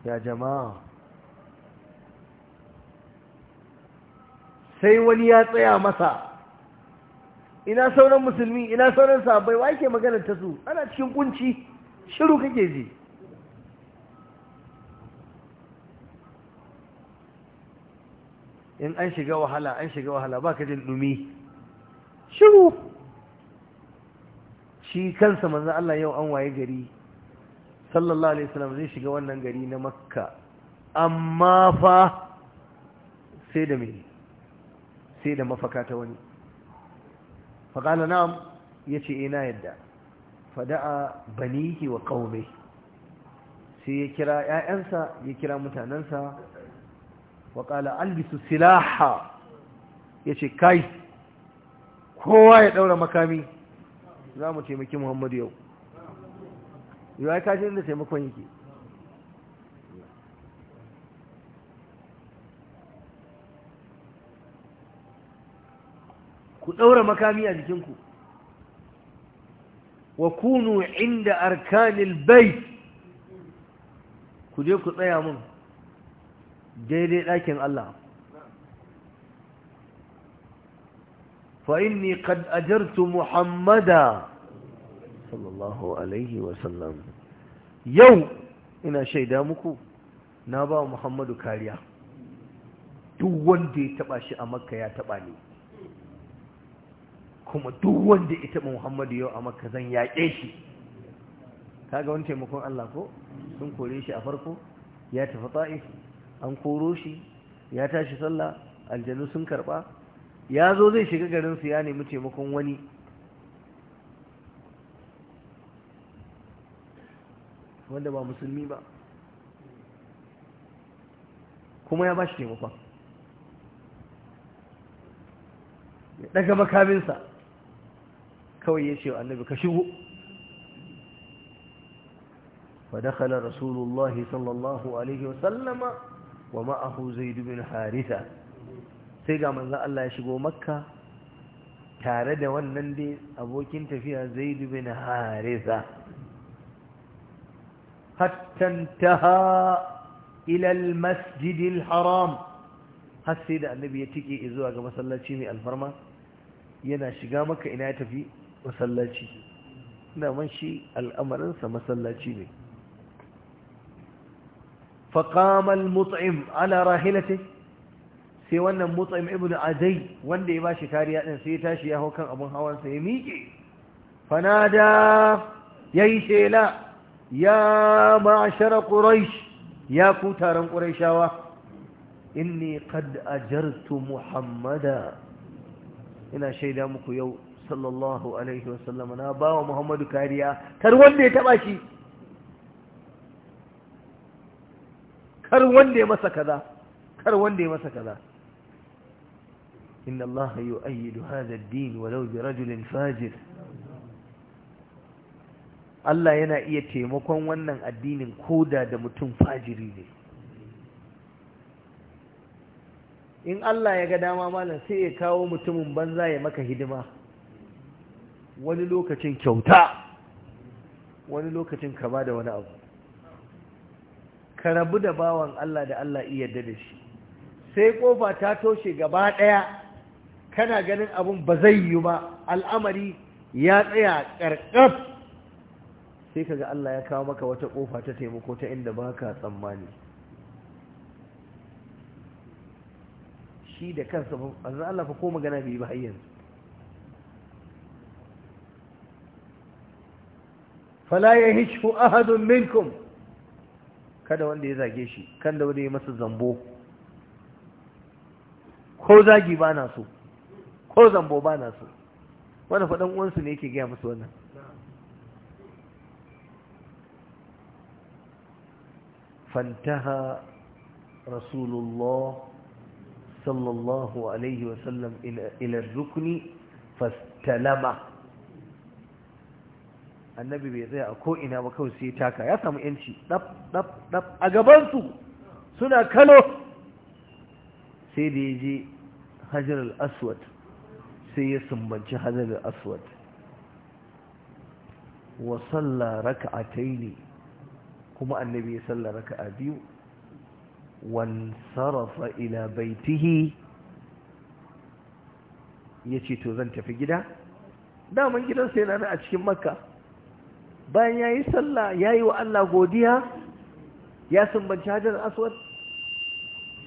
ya jama'a sai wani ya tsaya masa ina sauran musulmi ina sauran sabai wa yake magana ta su ana cikin kunci shiru kake ji in an shiga wahala an shiga wahala ba ka jin dumi shiru shi kansa manzan Allah yau an waye gari sallallahu alaihi wasallam zai shiga wannan gari na makka amma fa sai da mai sai da mafaka ta wani faƙala na'am ya ce ina yadda fada'a banihi wa ƙaume sai ya kira ‘ya'yansa ya kira mutanensa waƙala albisu silaha ya ce kai kowa ya ɗaura makami za mu taimaki muhammadu yau yau ya kashe inda taimakon yake ku ɗaura makami a jikinku wa kunu inda arkanil bait ku je ku tsaya mun daidai ɗakin Allah فإني ajartu muhammada sallallahu alaihi الله Yau ina shaida muku? Na مكو نابا muhammadu kariya duk wanda ya taba shi a makka ya taba ne kuma duk wanda ita muhammadu yau a maka zan yaƙe shi ga wani taimakon Allah ko sun kore shi a farko ya tafi ta'if an koro shi ya tashi sallah aljanu sun karba ya zo zai shiga garinsu ya nemi taimakon wani wanda ba musulmi ba kuma ya ba shi taimakon ya ɗaga makaminsa kawai ya ce wa annabi ka shigo فدخل رسول الله صلى الله عليه وسلم ومعه زيد بن حارثة sai ga manzon Allah ya shigo makka tare da wannan dai abokin tafiya zaid bin haritha hatta intaha ila al-masjid al-haram har sai da annabi ya tike zuwa ga masallaci mai alfarma yana shiga makka ina ya tafi masallaci daman shi al'amarinsa masallaci ne faƙamal mut'im ana rahilate sai wannan mut'im ibn adai wanda ya ba shi kariya ɗin sai ya tashi ya hau kan abin hawansa ya miƙe fanada ya yi shela ya ma'ashara ƙuraish ya ku taron ƙuraishawa inni qad ajartu muhammada ina shaida muku yau sallallahu alaihi wasallam na ba wa muhammadu kariya kar wanda ya taba shi kar wanda ya masa kaza kar wanda ya masa kaza inna allaha yu'ayyidu hadha ad-din walau bi rajulin fajir Allah yana iya taimakon wannan addinin koda da mutum fajiri ne in Allah ya ga dama malam sai ya kawo mutumin banza ya maka hidima wani lokacin kyauta wani lokacin kama da wani abu ka rabu da bawan Allah da Allah iya da shi sai kofa ta toshe gaba ɗaya kana ganin abun ba zai yi ba al'amari ya tsaya ƙarƙar sai kaga Allah ya kawo maka wata kofa ta taimako ta inda baka tsammani shi da kansa ba Allah fa ko magana bai ba yanzu fala yahishu ahadun minkum kada wanda ya zage shi kan da wanda ya masa zambo ko zagi ba na so ko zambo ba na so Wani faɗan uwansu ne yake gaya musu wannan Fantaha رسول Sallallahu alaihi الله عليه وسلم إلى الركن annabi bai tsaya a ko'ina ba kawai sai taka ya samu yanci ɗaf ɗaf ɗaf a gabansu suna kano sai da ya je hajar aswad sai ya sumbanci hajar aswad wa sallaraka a taini kuma annabi ya sallaraka a biyu wansarafa ila baitihi ya ce to zan tafi gida daman gidansa yana nan a cikin makka bayan ya yi sallah ya yi wa Allah godiya ya sumbanci hajar aswad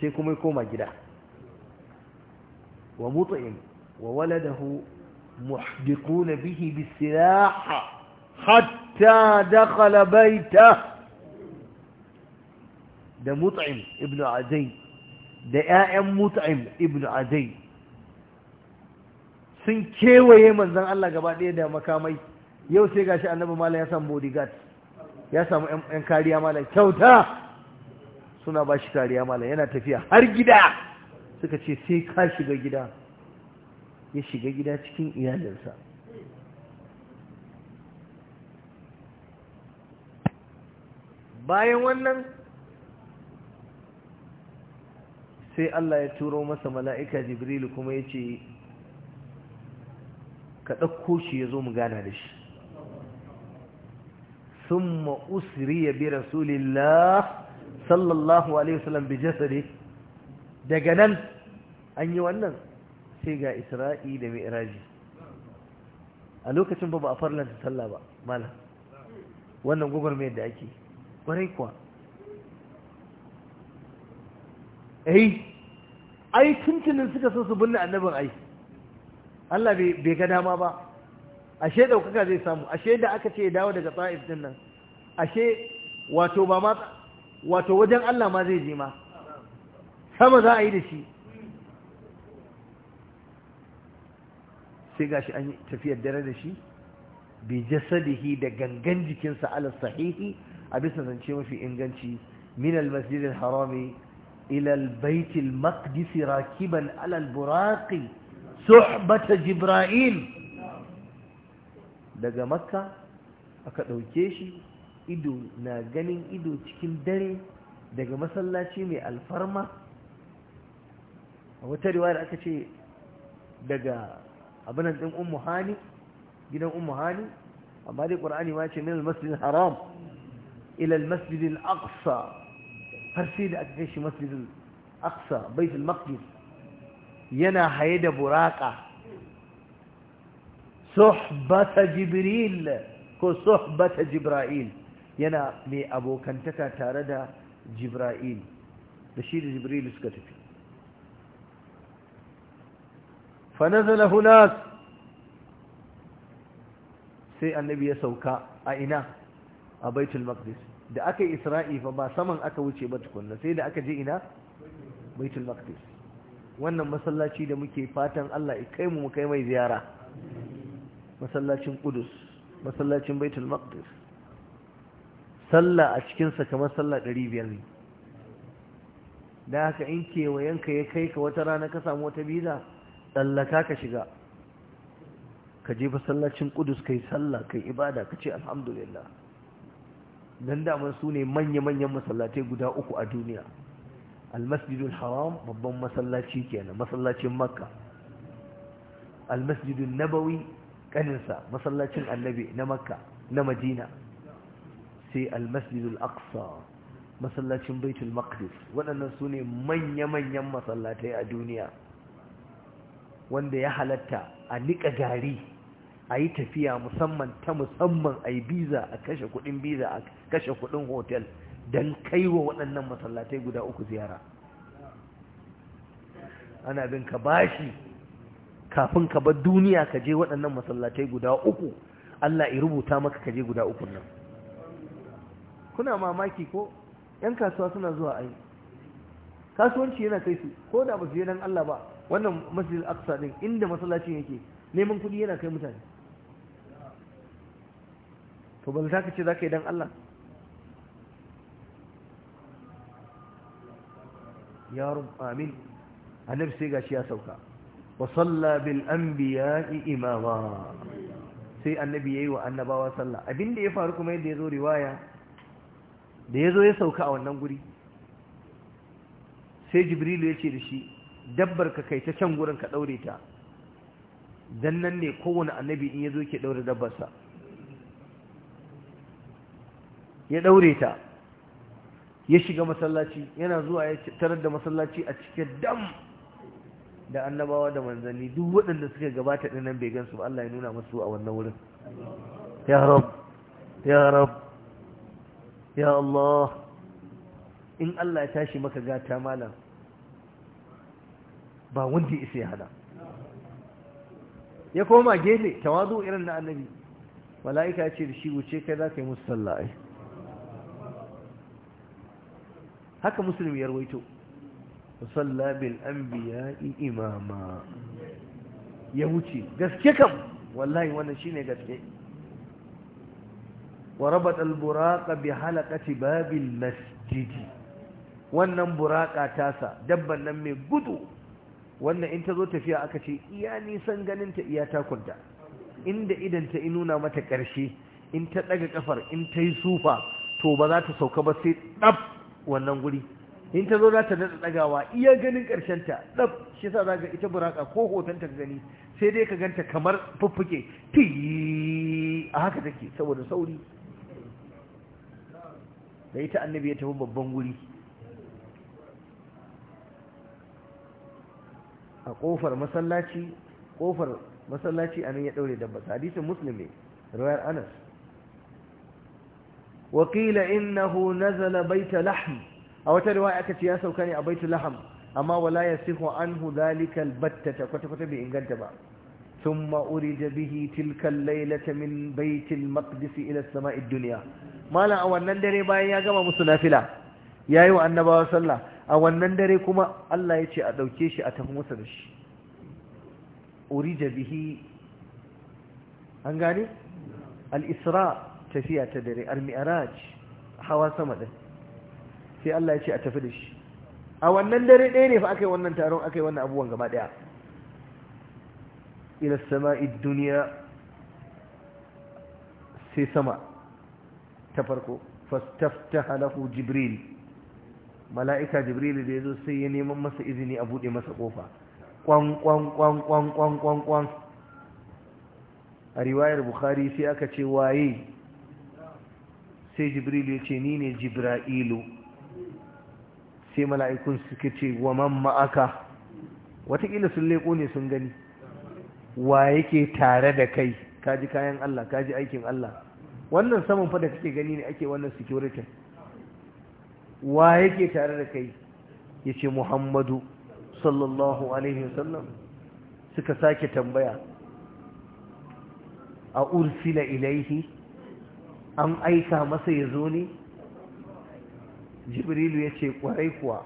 sai kuma ya koma gida wa mutu'in wa waladahu muhdiquna bihi bisilaha hatta dakhala baita da mut'im ibn azay da 'ya'yan mut'im ibn azay sun kewaye manzon Allah gaba ɗaya da makamai yau sai gashi annabi malam ya samu bodyguard ya samu yan kariya malam kyauta suna ba shi kariya malam yana tafiya har gida suka ce sai ka shiga gida ya shiga gida cikin iyalinsa bayan wannan sai Allah ya turo masa mala'ika jibrilu kuma ya ce ka ɗauko shi ya zo mu gana da shi ثم أسري برسول الله صلى الله عليه وسلم بجسده دقنا أن يوانا سيقى إسرائيل مئراجي ألوك تنبى تنبب أفرلا تسلى بقى مالا وانا مقبر ميد أكي وريكوا أي أي تنتن سكسوس بلنا النبغ أي Allah bai ga بأ ashe ɗaukaka zai samu ashe da aka ce dawo daga ta'if din nan ashe wato ba ma wato wajen Allah ma zai je ma sama za a yi da shi sai gashi an yi tafiyar dare da shi bi jasadihi da gangan jikinsa ala sahihi a bisa zance mafi inganci min al-masjid harami ila al makdisi maqdis rakiban ala al-buraqi suhbata jibril daga makka aka ɗauke shi ido na ganin ido cikin dare daga masallaci mai alfarma a wata riwayar aka ce daga abinan ɗin ummu hani gidan ummu hani amma dai ƙwar'ani ma ce min masjidin haram ila masjidin aqsa har sai da aka kai shi masjidin aqsa baitul maqdis yana haye da buraka suhbata jibril ko suhbata jibra'il yana mai abokantaka tare da jibra'il da shi da jibril suka tafi fa nazala hunas sai annabi ya sauka a ina a baitul da aka yi isra'i ba saman aka wuce ba tukunna sai da aka je ina baitul wannan masallaci da muke fatan Allah ya kai mu mu kai mai ziyara masallacin Qudus masallacin Baitul Maqdis sallah a cikin sa kamar sallah 500 ne da haka in ke wayanka ya kai ka wata rana ka samu wata biza tsallaka ka shiga ka je fa sallacin Kudus kai sallah kai ibada ka ce alhamdulillah dan da su ne manya-manyan masallatai guda uku a duniya almasjidul haram babban masallaci kenan masallacin makka almasjidun nabawi kaninsa masallacin annabi na makka na madina sai almasjidul aqsa masallacin baitul maqdis waɗannan su ne manya-manyan masallatai a duniya wanda ya halatta a niƙa gari a yi tafiya musamman ta musamman a yi biza a kashe kuɗin biza a kashe kuɗin hotel don kai wa waɗannan masallatai guda uku ziyara ana bin ka bashi kafin ka bar duniya ka je waɗannan masallatai guda uku Allah ya rubuta maka ka je guda uku nan kuna mamaki ko yan kasuwa suna zuwa ai kasuwanci yana kai su ko da ba su je dan Allah ba wannan masjid al-aqsa din inda masallacin yake neman kudi yana kai mutane to ban za ka ce za ka yi dan Allah ya rubu amin annabi sai gashi ya sauka wa salla bil anbiya'i imama sai annabi yayi wa annabawa sallah abinda ya faru kuma yadda yazo riwaya da yazo ya sauka a wannan guri sai jibrilu ya ce da shi dabbar ka kai ta can gurin ka daure ta dan nan ne kowane annabi in yazo yake daure dabbarsa ya daure ta ya shiga masallaci yana zuwa ya tarar da masallaci a cikin dam da annabawa da manzanni duk waɗanda suka gabata ɗin nan bai gansu Allah ya nuna musu a wannan wurin ya rab ya rab ya Allah in Allah ya tashi maka gata malam ba wanda isa ya hada ya koma gele tawazu irin na annabi mala'ika ya ce da shi wuce kai za ka yi musu sallah haka musulmi ya rawaito Ka san Labin Ambiya'i Imama ya wuce, gaske kam? Wallahi wannan shi ne gaske. Kwarabbatal buraƙa bai halaƙa shi Wannan buraƙa tasa, dabban nan mai gudu. Wannan in ta zo tafiya aka ce, iya nisan ganin ta iya ta kunta Inda idan ta inuna mata ƙarshe, in ta ɗaga ƙafar in ta yi sufa, to ba za ta sauka ba sai ɗab! wannan guri in ta zo za ta daɗa ɗagawa iya ganin ƙarshen ta ɗab shi sa za ita buraka ko hoton ta gani sai dai ka ganta kamar fuffuke ti a haka take saboda sauri da ita annabi ya tafi babban wuri a ƙofar masallaci ƙofar masallaci a nan ya ɗaure da basa hadisin muslim rawar anas wakila innahu nazala baita lahmi a wata riwaya aka ce ya sauka ne a baitul laham amma wala yasihu anhu dhalika albatta kwata kwata bai inganta ba thumma urida bihi tilka al-laylata min baitil maqdis ila as-sama'i ad-dunya a wannan dare bayan ya gama musu nafila yayi wa annabawa sallah a wannan dare kuma Allah ya ce a dauke shi a tafi masa da shi urida bihi an gane al-isra tafiya ta dare al-mi'raj hawa sama din sai Allah ya ce a tafi da shi a wannan dare ɗaya ne fa aka yi wannan taron aka yi wannan abubuwan gaba ɗaya ila sama'id duniya sai sama ta farko fastaftaha lahu jibril mala'ika jibril da ya zo sai ya neman masa izini a bude masa kofa kwan kwan kwan kwan kwan kwan kwan a riwayar bukhari sai aka ce waye sai jibril ya ce ni ne jibra'ilu sai mala'ikun suke ce wa man ma'aka watakila sun leƙo ne sun gani wa yake tare da kai kaji kayan Allah kaji aikin Allah wannan saman faɗa kake gani ne ake wannan security wa yake tare da kai Ya ce Muhammadu sallallahu alaihi wasallam suka sake tambaya a ursila ilaihi an aika masa ya zo ne jibrilu ya ce kwarai kuwa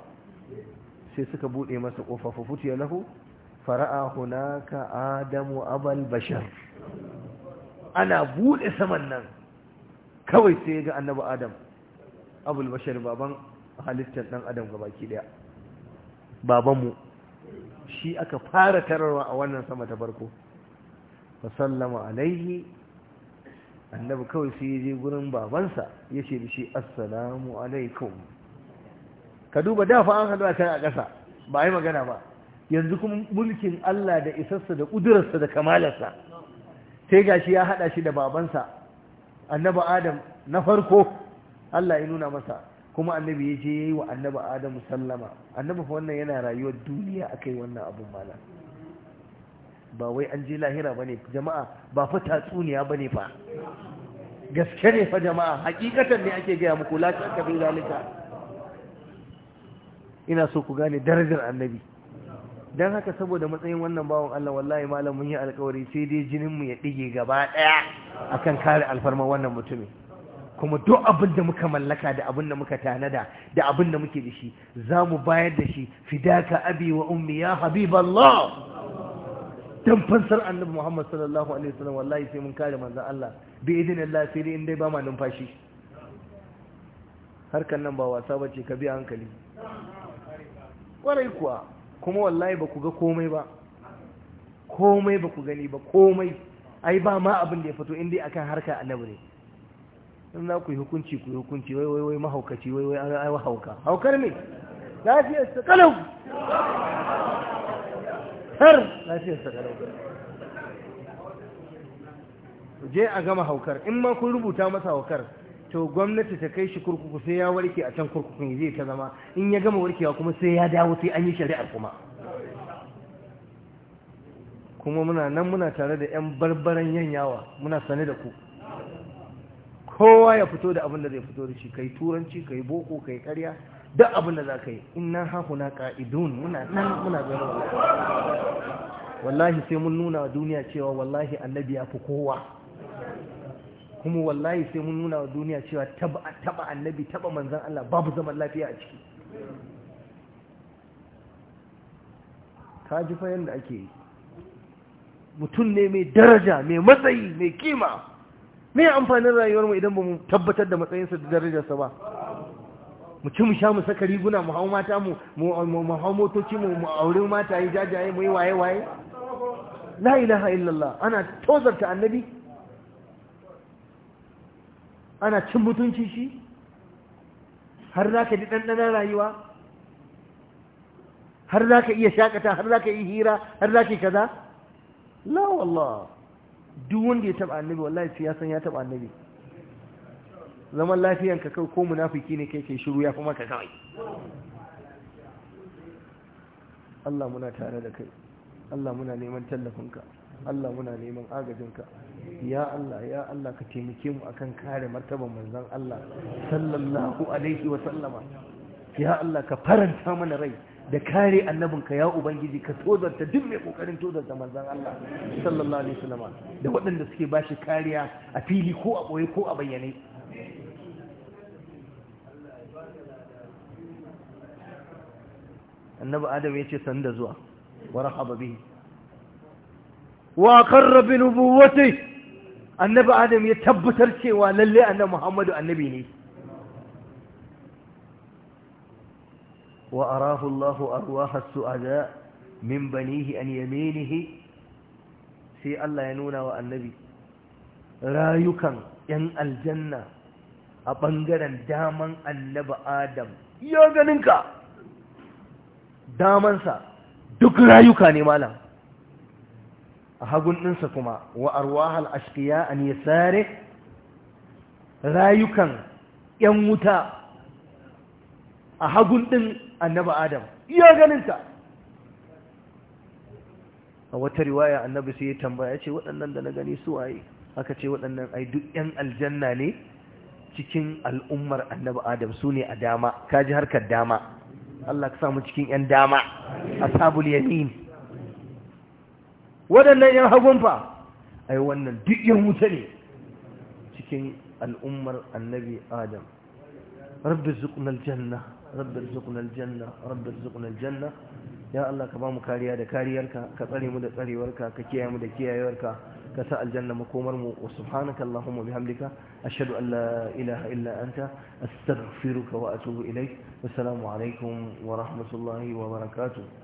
sai suka buɗe masa ƙofa fafutu ya lahu fara'a hunaka adamu abal bashar ana buɗe saman nan kawai sai ga annabi adam abul bashar baban halittar ɗan adam baki ɗaya babanmu shi aka fara tararwa a wannan sama ta farko sallama alaihi annabi kawai sai ya je gurin babansa ya ce da shi assalamu alaikum ka duba dafa an haɗu a can a ƙasa ba a yi magana ba yanzu kuma mulkin Allah da isarsa da ƙudurarsa da kamalarsa sai gashi ya haɗa shi da babansa annabi adam na farko Allah ya nuna masa kuma annabi ya je ya yi wa annabi adam sallama annabi fa wannan yana rayuwar duniya akai wannan abun malam ba wai an je lahira bane jama'a ba fa tatsuniya bane fa gaske ne fa jama'a hakikatan ne ake gaya muku lati aka bi zalika ina so ku gane darajar annabi Don haka saboda matsayin wannan bawon Allah wallahi malam mun yi alkawari sai dai jinin mu ya ɗige gaba daya akan kare alfarma wannan mutumin kuma duk abin da muka mallaka da abin da muka tanada da abin da muke da shi za mu bayar da shi fidaka abi wa ummi ya habiballah dan fansar annabi Muhammad sallallahu alaihi wasallam wallahi sai mun kare manzon Allah bi Allah sai dai in dai ba ma numfashi harkan nan ba wasa bace ka bi hankali kwarai kuwa kuma wallahi ba ku ga komai ba komai ba ku gani ba komai ai ba ma abin da ya fito indai akan harka annabi ne in za ku yi hukunci ku yi hukunci wai wai wai mahaukaci wai wai ai hauka haukar ne lafiyar su kalau tar lafiyarsa kalau je a gama haukar in ma kun rubuta masa haukar to gwamnati ta kai shi kurkuku sai ya warke a can kurkukun zai ta zama in ya gama warkewa kuma sai ya dawo sai an yi shari'ar kuma kuma muna nan muna tare da 'yan barbaran yanyawa muna sane da ku kowa ya fito da abin da zai fito da shi kai turanci kai boko kai karya duk abin da za ka yi inna hahuna ka'idun muna nan muna zama wallahi sai mun nuna wa duniya cewa wallahi annabi ya fi kowa kuma wallahi sai mun nuna wa duniya cewa taba annabi taba manzan Allah babu zaman lafiya a ciki ka ji fa da ake yi mutum ne mai daraja mai matsayi mai kima mai amfanin rayuwar mu idan ba mu tabbatar da matsayinsa da darajarsa ba mu ci mu sha mu saka riguna mu hau mata mu mu hau motoci mu mu aure mata yi jajaye mu yi waye waye la ilaha illallah ana tozarta annabi ana cin mutunci shi har za ka ji ɗanɗana rayuwa har za ka iya shakata har za ka yi hira har za ka yi kaza la wallah duk wanda ya taɓa annabi wallahi sai ya san ya taɓa annabi zaman lafiyanka kai ko munafiki ne kai kai shiru ya fi maka kawai Allah muna tare da kai Allah muna neman tallafinka Allah muna neman agajinka ya Allah ya Allah ka taimake mu akan kare martaban manzon Allah sallallahu alaihi wa sallama ya Allah ka faranta mana rai da kare annabinka ya ubangiji ka tozarta duk mai kokarin tozarta manzon Allah sallallahu alaihi wa sallama da waɗanda suke bashi kariya a fili ko a boye ko a bayyane annabi adam ya ce sanda zuwa wa rahaba bihi wa qarra bi nubuwwati annabi adam ya tabbatar cewa lalle annabi muhammadu annabi ne wa arahu Allahu arwaha su'ada min banihi an yaminihi sai Allah ya nuna wa annabi rayukan ‘yan aljanna a ɓangaren daman annaba Adam, ya ganinka! damansa duk rayuka ne malam a hagun ɗinsa kuma wa arwahal ashkiya an yasari rayukan ‘yan wuta a hagun ɗin annaba adam iya ganinta a wata riwaya annabi sai ya tambaya ce waɗannan da na gani su waye aka ce waɗannan ai duk ‘yan aljanna ne cikin al'ummar annaba adam su ne a dama kaji harkar dama Allah ka samu cikin ‘yan dama a sabul yamin waɗannan ‘yan hagunfa fa ai wannan duk ‘yan wuta ne cikin al'ummar annabi adam rabbi zuƙunar janna rabbi zuƙunar janna rabbi zuƙunar janna ya Allah ka ba mu kariya da kariyarka ka tsare mu da tsarewarka ka kiyaye mu da kiyayewarka ka sa aljanna makomar mu wa subhanaka allahumma bihamdika ashhadu an la ilaha illa anta astaghfiruka wa atubu ilaik assalamu alaikum wa rahmatullahi wa barakatu.